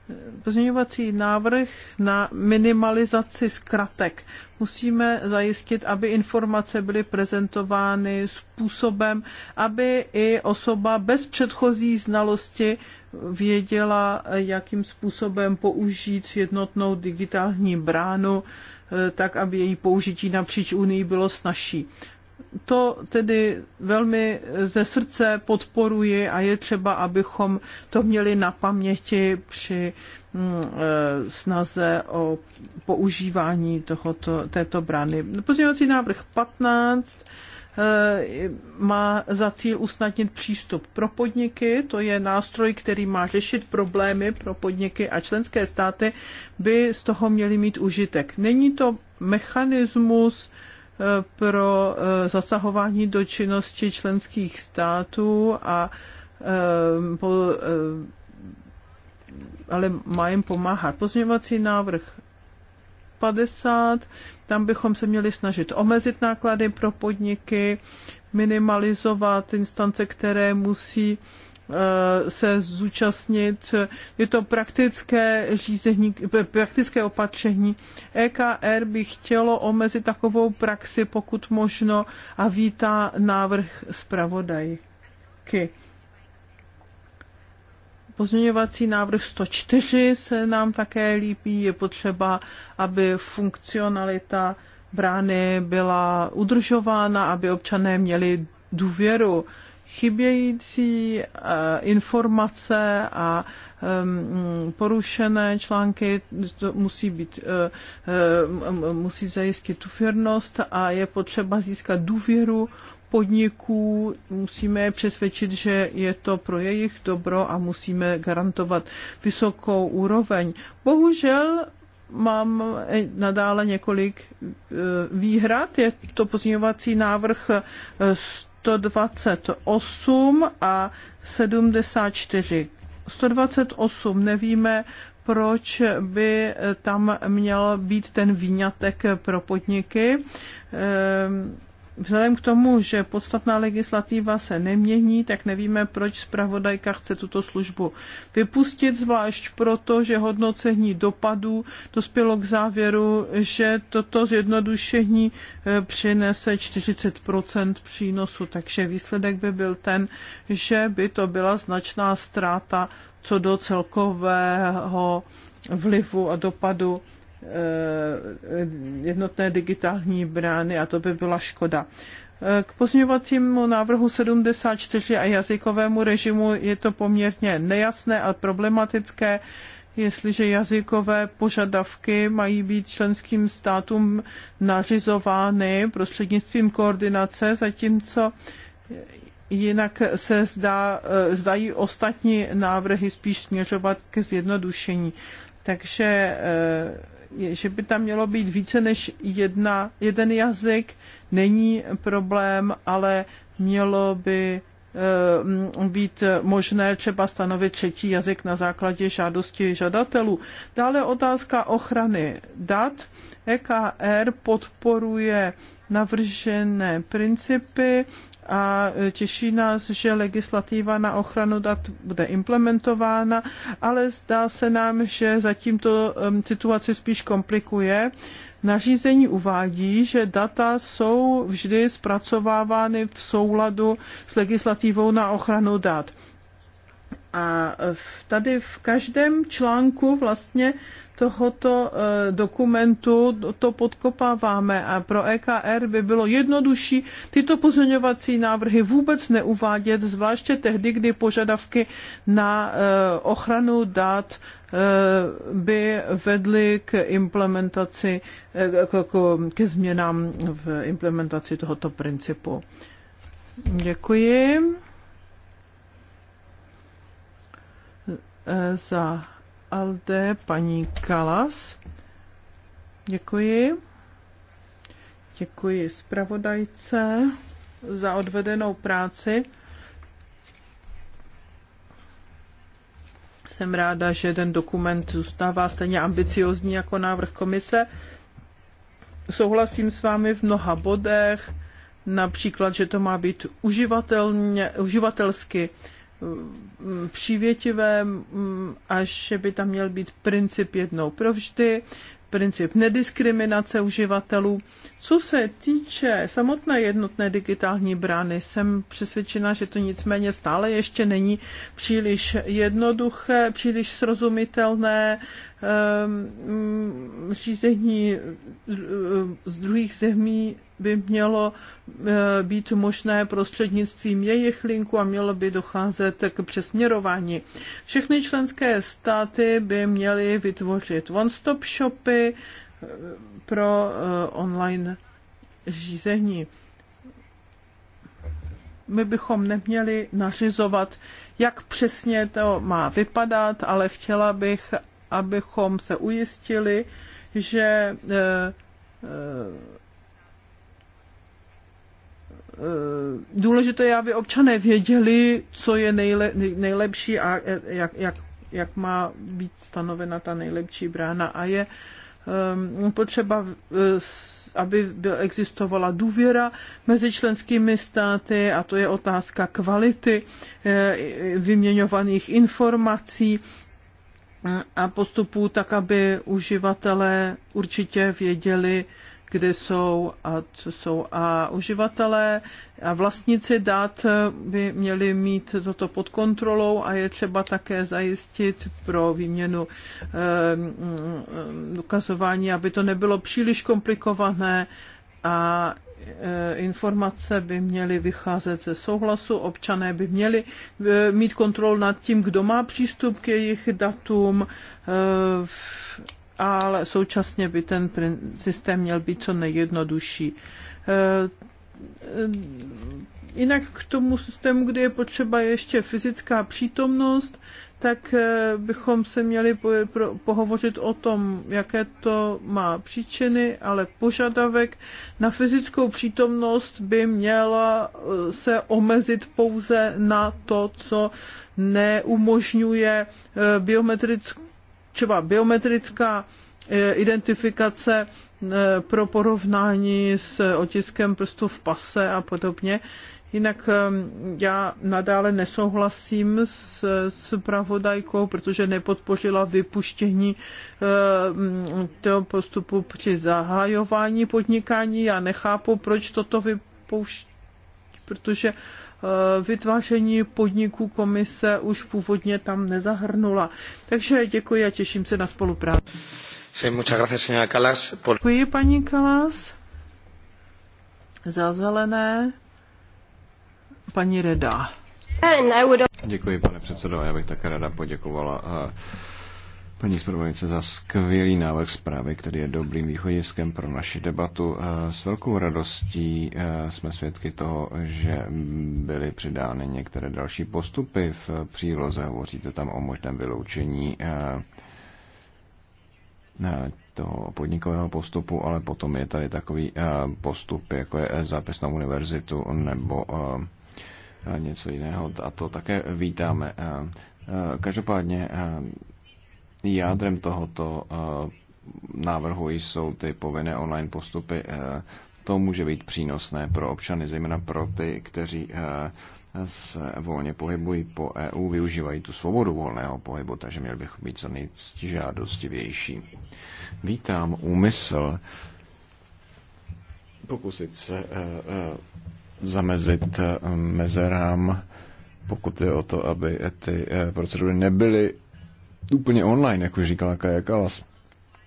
eh, pozměňovací návrh na minimalizaci zkratek. Musíme zajistit, aby informace byly prezentovány způsobem, aby i osoba bez předchozí znalosti věděla, jakým způsobem použít jednotnou digitální bránu, eh, tak aby její použití napříč Unii bylo snažší to tedy velmi ze srdce podporuji a je třeba, abychom to měli na paměti při mm, eh, snaze o používání tohoto, této brány. Pozměňovací návrh 15 eh, má za cíl usnadnit přístup pro podniky. To je nástroj, který má řešit problémy pro podniky a členské státy by z toho měly mít užitek. Není to mechanismus, pro eh, zasahování do činnosti členských států a eh, eh, ale má jim pomáhat. Pozměňovací návrh 50, tam bychom se měli snažit omezit náklady pro podniky, minimalizovat instance, které musí Eh, se zúčastnit. Je to praktické, řízení, eh, praktické opatření. EKR by chtělo omezit takovou praxi, pokud možno, a vítá návrh zpravodajky. Pozměňovací návrh 104 se nám také líbí. Je potřeba, aby funkcionalita brány byla udržována, aby občané měli důvěru chybějící eh, informace a ehm, porušené články musí, být, eh, eh, musí zajistit tu firnost a je potřeba získat důvěru podniků, musíme je přesvědčit, že je to pro jejich dobro a musíme garantovat vysokou úroveň. Bohužel mám nadále několik výhrad. Je to pozměňovací návrh 128 a 74. 128 nevíme, proč by tam měl být ten výňatek pro podniky. Ehm Vzhledem k tomu, že podstatná legislativa se nemění, tak nevíme, proč zpravodajka chce tuto službu vypustit, zvlášť proto, že hodnocení dopadů dospělo k závěru, že toto zjednodušení eh, přinese 40 přínosu, takže výsledek by byl ten, že by to byla značná ztráta co do celkového vlivu a dopadu Eh, jednotné digitální brány a to by byla škoda. Eh, k pozměňovacímu návrhu 74 a jazykovému režimu je to poměrně nejasné a problematické, jestliže jazykové požadavky mají být členským státům nařizovány prostřednictvím koordinace, zatímco jinak se zdá, eh, zdají ostatní návrhy spíš směřovat ke zjednodušení. Takže že by tam mělo být více než jedna, jeden jazyk, není problém, ale mělo by eh, být možné třeba stanovit třetí jazyk na základě žádosti žadatelů. Dále otázka ochrany dat. EKR podporuje navržené principy a těší nás, že legislativa na ochranu dat bude implementována, ale zdá se nám, že zatím to um, situaci spíš komplikuje. Nařízení uvádí, že data jsou vždy zpracovávány v souladu s legislativou na ochranu dat. A tady v každém článku vlastně tohoto e, dokumentu to podkopáváme a pro EKR by bylo jednodušší tyto pozměňovací návrhy vůbec neuvádět, zvláště tehdy, kdy požadavky na e, ochranu dat e, by vedly k implementaci, ke změnám v implementaci tohoto principu. Děkuji. za Alde paní Kalas. Děkuji. Děkuji zpravodajce za odvedenou práci. Jsem ráda, že ten dokument zůstává stejně ambiciozní jako návrh komise. Souhlasím s vámi v mnoha bodech, například, že to má být uživatelně, uživatelsky Mm, přívětivé mm, a že by tam měl být princip jednou provždy, princip nediskriminace uživatelů co se týče samotné jednotné digitální brány, jsem přesvědčena, že to nicméně stále ještě není příliš jednoduché, příliš srozumitelné ehm, mm, řízení eh, z druhých zemí by mělo eh, být možné prostřednictvím jejich linku a mělo by docházet k přesměrování. Všechny členské státy by měly vytvořit one-stop shopy, pro eh, online řízení. My bychom neměli nařizovat, jak přesně to má vypadat, ale chtěla bych, abychom se ujistili, že eh, eh, důležité je, aby občané věděli, co je nejle, nejlepší a jak, jak, jak má být stanovena ta nejlepší brána. A je Ehm, potřeba, eh, aby existovala důvěra mezi členskými státy a to je otázka kvality eh, vyměňovaných informací eh, a postupů tak, aby uživatelé určitě věděli, kde jsou a co jsou. A uživatelé a vlastníci dat by měli mít toto pod kontrolou a je třeba také zajistit pro výměnu eh, dokazování, aby to nebylo příliš komplikované a eh, informace by měly vycházet ze souhlasu, občané by měli eh, mít kontrol nad tím, kdo má přístup k jejich datům ale současně by ten systém měl být co nejjednodušší. E, e, jinak k tomu systému, kde je potřeba ještě fyzická přítomnost, tak e, bychom se měli pohovořit o tom, jaké to má příčiny, ale požadavek na fyzickou přítomnost by měla se omezit pouze na to, co neumožňuje biometrickou třeba biometrická eh, identifikace eh, pro porovnání s otiskem prstu v pase a podobně. Jinak ehm, já nadále nesouhlasím s, s pravodajkou, protože nepodpořila vypuštění ehm, toho postupu při zahajování podnikání. Já nechápu, proč toto vypouští, protože Eh, vytváření podniků komise už původně tam nezahrnula. Takže děkuji a těším se na spolupráci. Děkuji, paní Kalas. Za zelené paní Reda. Děkuji, pane předsedo. Já bych také rada poděkovala eh, paní zpravodajce za skvělý návrh zprávy, který je dobrým východiskem pro naši debatu. Eh, s velkou radostí eh, jsme svědky toho, že byly přidány některé další postupy v příloze. Hovoříte tam o možném vyloučení eh, toho podnikového postupu, ale potom je tady takový postup, jako je zápis na univerzitu nebo něco jiného a to také vítáme. Každopádně Jádrem tohoto eh, návrhu jsou ty povinné online postupy. Eh, to může být přínosné pro občany, zejména pro ty, kteří eh, se volně pohybují po EU, využívají tu svobodu volného pohybu, takže měl bych být co nejžádostivější. Vítám úmysl pokusit se zamezit mezerám, pokud je o to, aby ty procedury nebyly úplně online, jak už říkala Kaja Kalas.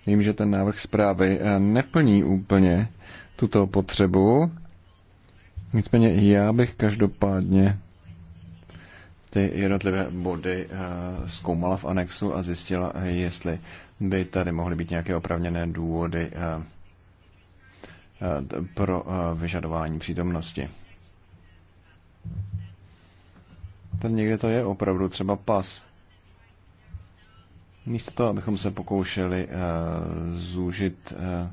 Vím, že ten návrh zprávy eh, neplní úplně tuto potřebu. Nicméně já bych každopádně ty jednotlivé body eh, zkoumala v anexu a zjistila, eh, jestli by tady mohly být nějaké opravněné důvody pro vyžadování přítomnosti. Ten někde to je opravdu třeba pas. Místo toho, abychom se pokoušeli eh, zúžit eh,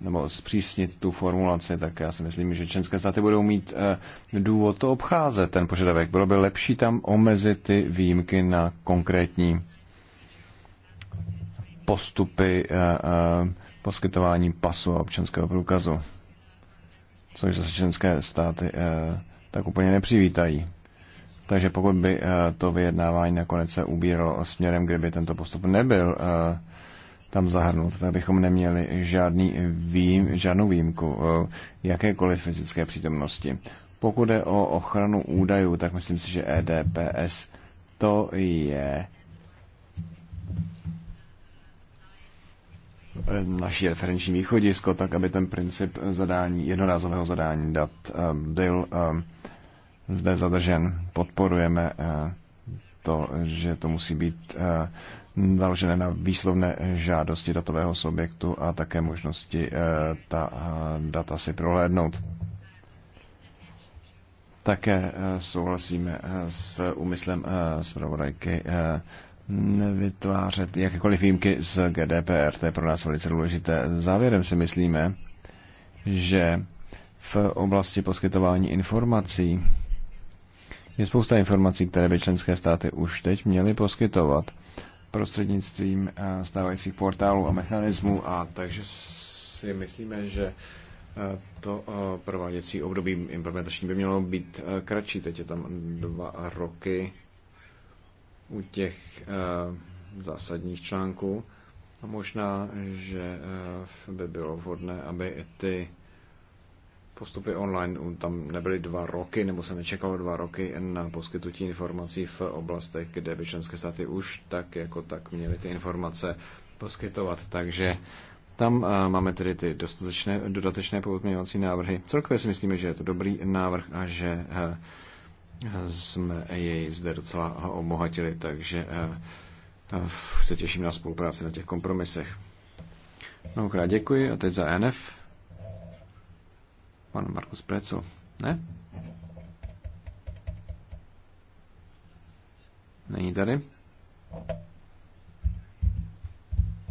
nebo zpřísnit tu formulaci, tak já si myslím, že členské státy budou mít eh, důvod to obcházet, ten požadavek. Bylo by lepší tam omezit ty výjimky na konkrétní postupy poskytování pasu a občanského průkazu, což zase členské státy tak úplně nepřivítají. Takže pokud by eh, to vyjednávání nakonec se ubíralo směrem, kde by tento postup nebyl eh, tam zahrnut, tak bychom neměli žádný výjim, žádnou výjimku eh, jakékoliv fyzické přítomnosti. Pokud je o ochranu údajů, tak myslím si, že EDPS to je naší referenční východisko, tak aby ten princip zadání, jednorázového zadání dat byl um, zde zadržen. Podporujeme eh, to, že to musí být eh, založené na výslovné žádosti datového subjektu a také možnosti eh, ta data si prohlédnout. Také souhlasíme s úmyslem zpravodajky nevytvářet jakékoliv výjimky z GDPR. To je pro nás velice důležité. Závěrem si myslíme, že v oblasti poskytování informací je spousta informací, které by členské státy už teď měly poskytovat prostřednictvím eh, stávajících portálů a mechanismů, a takže si myslíme, že eh, to eh, prováděcí období implementační by mělo být kratší. Teď je tam dva roky u těch zásadních článků. A možná, že by bylo vhodné, aby ty postupy online tam nebyly dva roky, nebo se nečekalo dva roky na poskytnutí informací v oblastech, kde by členské státy už tak jako tak měly ty informace poskytovat. Takže tam eh, máme tedy ty dostatečné, dodatečné pozměňovací návrhy. Celkově si myslíme, že je to dobrý návrh a že eh, jsme jej zde docela obohatili, takže eh, se těším na spolupráci na těch kompromisech. Mnohokrát děkuji a teď za e NF. Pan Markus Preco, Ne? Není tady.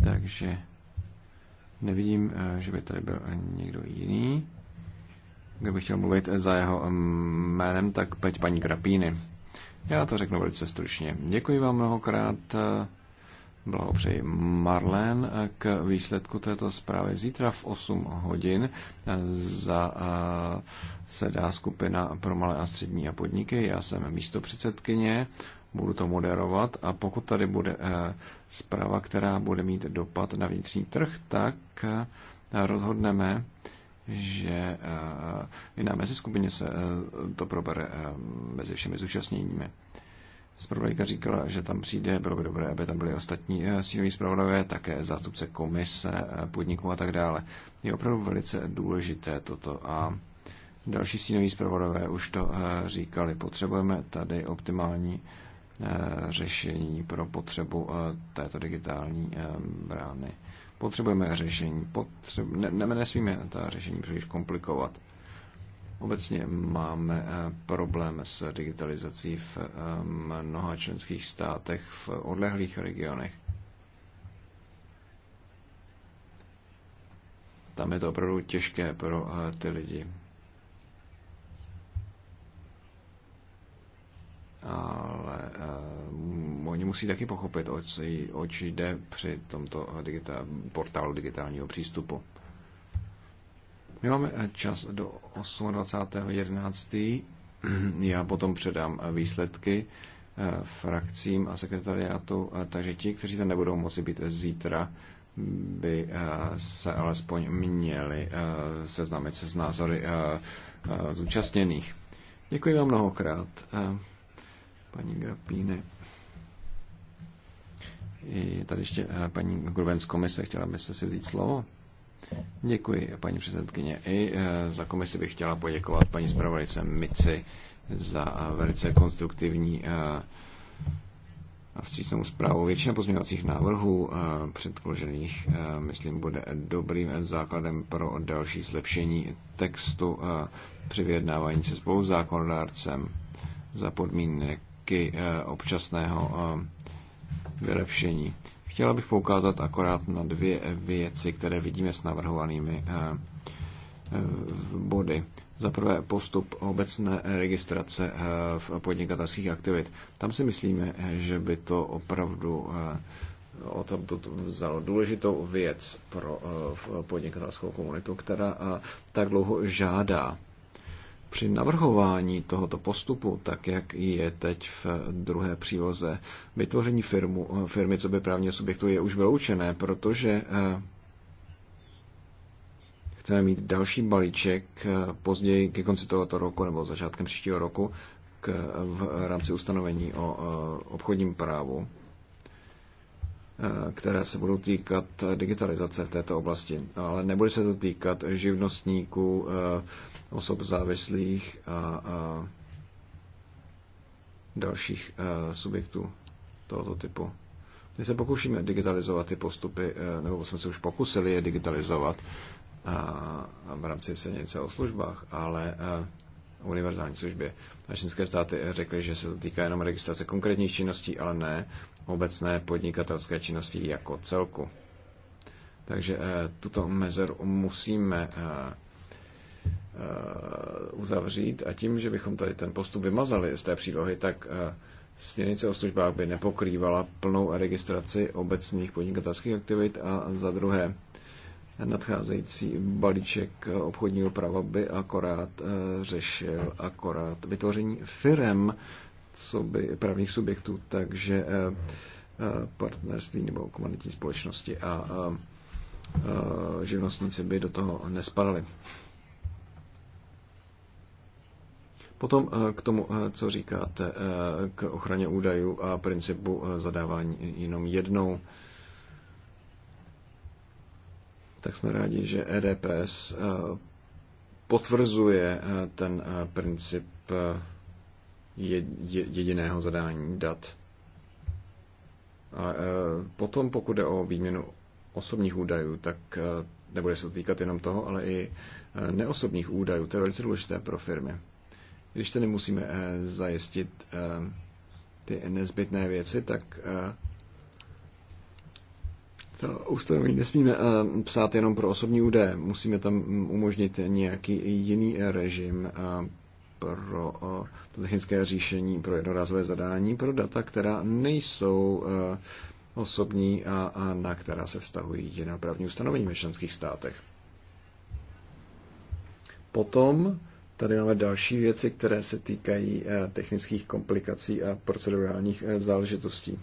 Takže nevidím, eh, že by tady byl někdo jiný. Kdo by chtěl mluvit za jeho eh, jménem, tak pojď paní Grapíny. Já to řeknu velice stručně. Děkuji vám mnohokrát. Eh, Blahopřeji Marlen k výsledku této zprávy. Zítra v 8 hodin eh, za, eh, se dá skupina pro malé a střední a podniky. Já jsem místo předsedkyně, budu to moderovat a pokud tady bude eh, zpráva, která bude mít dopad na vnitřní trh, tak rozhodneme, že i na meziskupině se to probere mezi všemi zúčastněními. Zpravodajka říkala, že tam přijde, bylo by dobré, aby tam byli ostatní eh, sínoví zpravodajové, také zástupce komise, eh, podniků a tak dále. Je opravdu velice důležité toto a další sínoví zpravodajové už to eh, říkali. Potřebujeme tady optimální řešení pro potřebu této digitální brány. Potřebujeme řešení, potřeb... ne, ne, nesmíme ta řešení příliš komplikovat. Obecně máme eh, problém s digitalizací v eh, mnoha členských státech v odlehlých regionech. Tam je to opravdu těžké pro eh, ty lidi. ale uh, oni musí taky pochopit, oč, oč jde při tomto digitál, portálu digitálního přístupu. My máme čas do 28.11. Já potom předám výsledky eh, frakcím a sekretariátu, eh, takže ti, kteří tam nebudou moci být zítra, by eh, se alespoň měli seznámit se s názory zúčastněných. Děkuji vám mnohokrát, paní Grapíny. Je tady ještě paní Gruben my se chtěla byste si vzít slovo? Děkuji, paní předsedkyně. I eh, za komisi bych chtěla poděkovat paní zpravodajce Mici za eh, velice konstruktivní eh, a vstřícnou zprávu. Většina pozměňovacích návrhů předložených, myslím, bude dobrým základem pro další zlepšení textu při vyjednávání se spolu zákonodárcem za podmínky občasného vylepšení. Chtěla bych poukázat akorát na dvě věci, které vidíme s navrhovanými eh, eh, body. Za prvé postup obecné registrace eh, v podnikatelských aktivit. Tam si myslíme, že by to opravdu o tom to vzalo důležitou věc pro podnikatelskou komunitu, která tak dlouho žádá při navrhování tohoto postupu, tak jak je teď v druhé příloze, vytvoření firmu, firmy co by právního subjektu je už vyloučené, protože eh, chceme mít další balíček eh, později ke konci tohoto roku nebo začátkem příštího roku k, v rámci ustanovení o eh, obchodním právu které se budou týkat digitalizace v této oblasti, ale nebude se to týkat živnostníků, osob závislých a, a dalších a, e, subjektů tohoto typu. My se pokoušíme digitalizovat ty postupy, e, nebo jsme se už pokusili je digitalizovat a, e, a v rámci senice o službách, ale a, univerzální službě. A čínské státy řekly, že se to týká jenom registrace konkrétních činností, ale ne obecné podnikatelské činnosti jako celku. Takže tuto mezeru musíme Eh, uzavřít a tím, že bychom tady ten postup vymazali z té přílohy, tak eh, směrnice o službách by nepokrývala plnou registraci obecných podnikatelských aktivit a za druhé nadcházející balíček obchodního práva by akorát eh, řešil akorát vytvoření firem, co by právních subjektů, takže partnerství nebo komunitní společnosti a živnostníci by do toho nespadali. Potom eh, k tomu, eh, co říkáte, eh, k ochraně údajů a principu zadávání jenom jednou, tak jsme rádi, že EDPS potvrzuje ten princip jediného zadání dat. A potom, pokud jde o výměnu osobních údajů, tak nebude se to týkat jenom toho, ale i neosobních údajů. To je velice důležité pro firmy. Když tedy musíme eh, zajistit eh, ty nezbytné věci, tak eh, to ustanovení nesmíme psát jenom pro osobní údaje. Musíme tam mm, umožnit nějaký jiný režim pro to technické řešení pro jednorázové zadání pro data, která nejsou osobní a, a na která se vztahují jiná právní ustanovení ve členských státech. Potom Tady máme další věci, které se týkají eh, technických komplikací a procedurálních eh, záležitostí.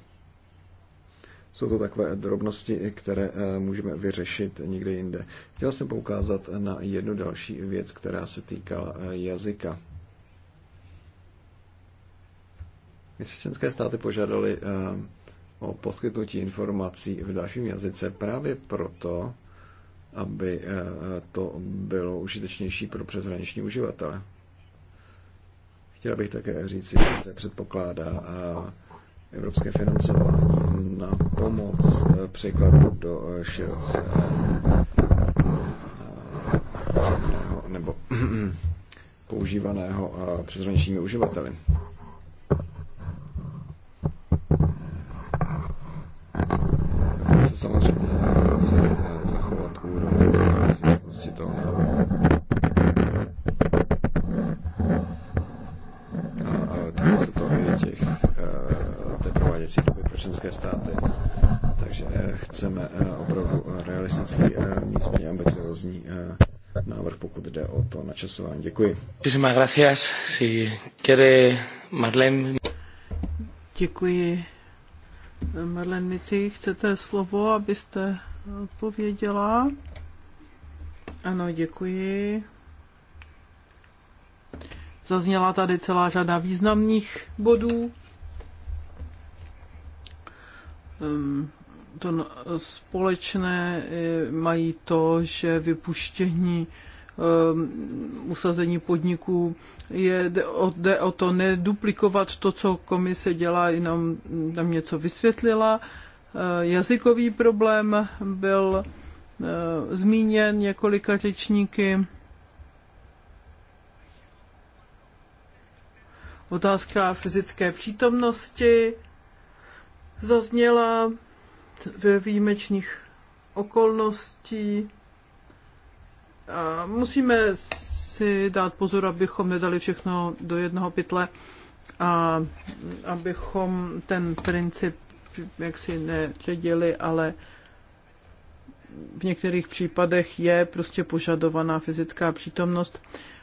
Jsou to takové drobnosti, které eh, můžeme vyřešit někde jinde. Chtěl jsem poukázat na jednu další věc, která se týkala jazyka. Když státy požádali o poskytnutí informací v dalším jazyce právě proto, aby eh, to bylo užitečnější pro přeshraniční uživatele. Chtěl bych také říci, že se předpokládá eh, evropské financování na pomoc eh, překladu do široce nebo používaného přeshraničními uživateli. načasování. Děkuji. Děkuji. Marlen Mici, chcete slovo, abyste odpověděla? Ano, děkuji. Zazněla tady celá řada významných bodů. Ehm, to společné eh, mají to, že vypuštění Ehm, usazení podniků. Je, jde o to neduplikovat to, co komise dělá, jenom tam něco vysvětlila. Ehm, jazykový problém byl ehm, zmíněn několika řečníky. Otázka fyzické přítomnosti zazněla ve výjimečných okolností musíme si dát pozor, abychom nedali všechno do jednoho pytle a abychom ten princip jak si neředili, ale v některých případech je prostě požadovaná fyzická přítomnost.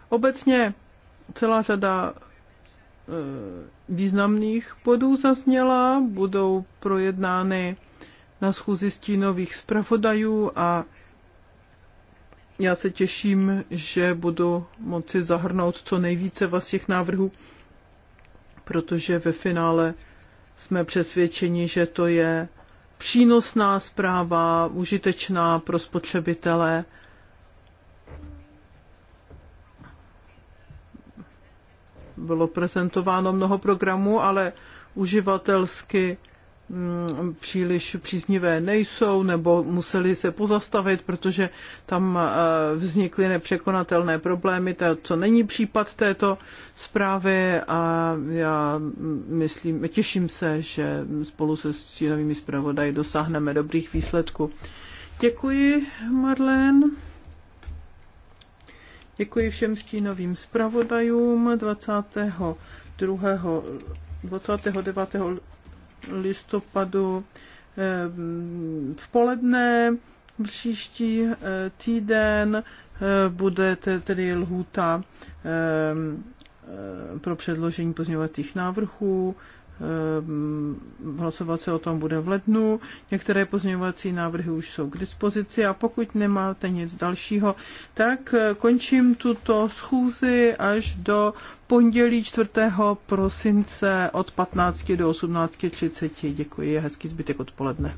Obecně celá řada e, významných bodů zazněla, budou projednány na schůzi stínových zpravodajů a já se těším, že budu moci zahrnout co nejvíce vás těch návrhů, protože ve finále jsme přesvědčeni, že to je přínosná zpráva, užitečná pro spotřebitele. Bylo prezentováno mnoho programů, ale uživatelsky Mm, příliš příznivé nejsou, nebo museli se pozastavit, protože tam eh, vznikly nepřekonatelné problémy, to není případ této zprávy a já mm, myslím, těším se, že spolu se stínovými zpravodaji dosáhneme dobrých výsledků. Děkuji, Marlen. Děkuji všem stínovým zpravodajům 22. 29 listopadu eh, v poledne příští eh, týden eh, bude tedy lhůta pro předložení pozměňovacích návrhů Ehm, hlasovat se o tom bude v lednu. Některé pozměňovací návrhy už jsou k dispozici a pokud nemáte nic dalšího, tak eh, končím tuto schůzi až do pondělí 4. prosince od 15 do 18.30. Děkuji, hezký zbytek odpoledne.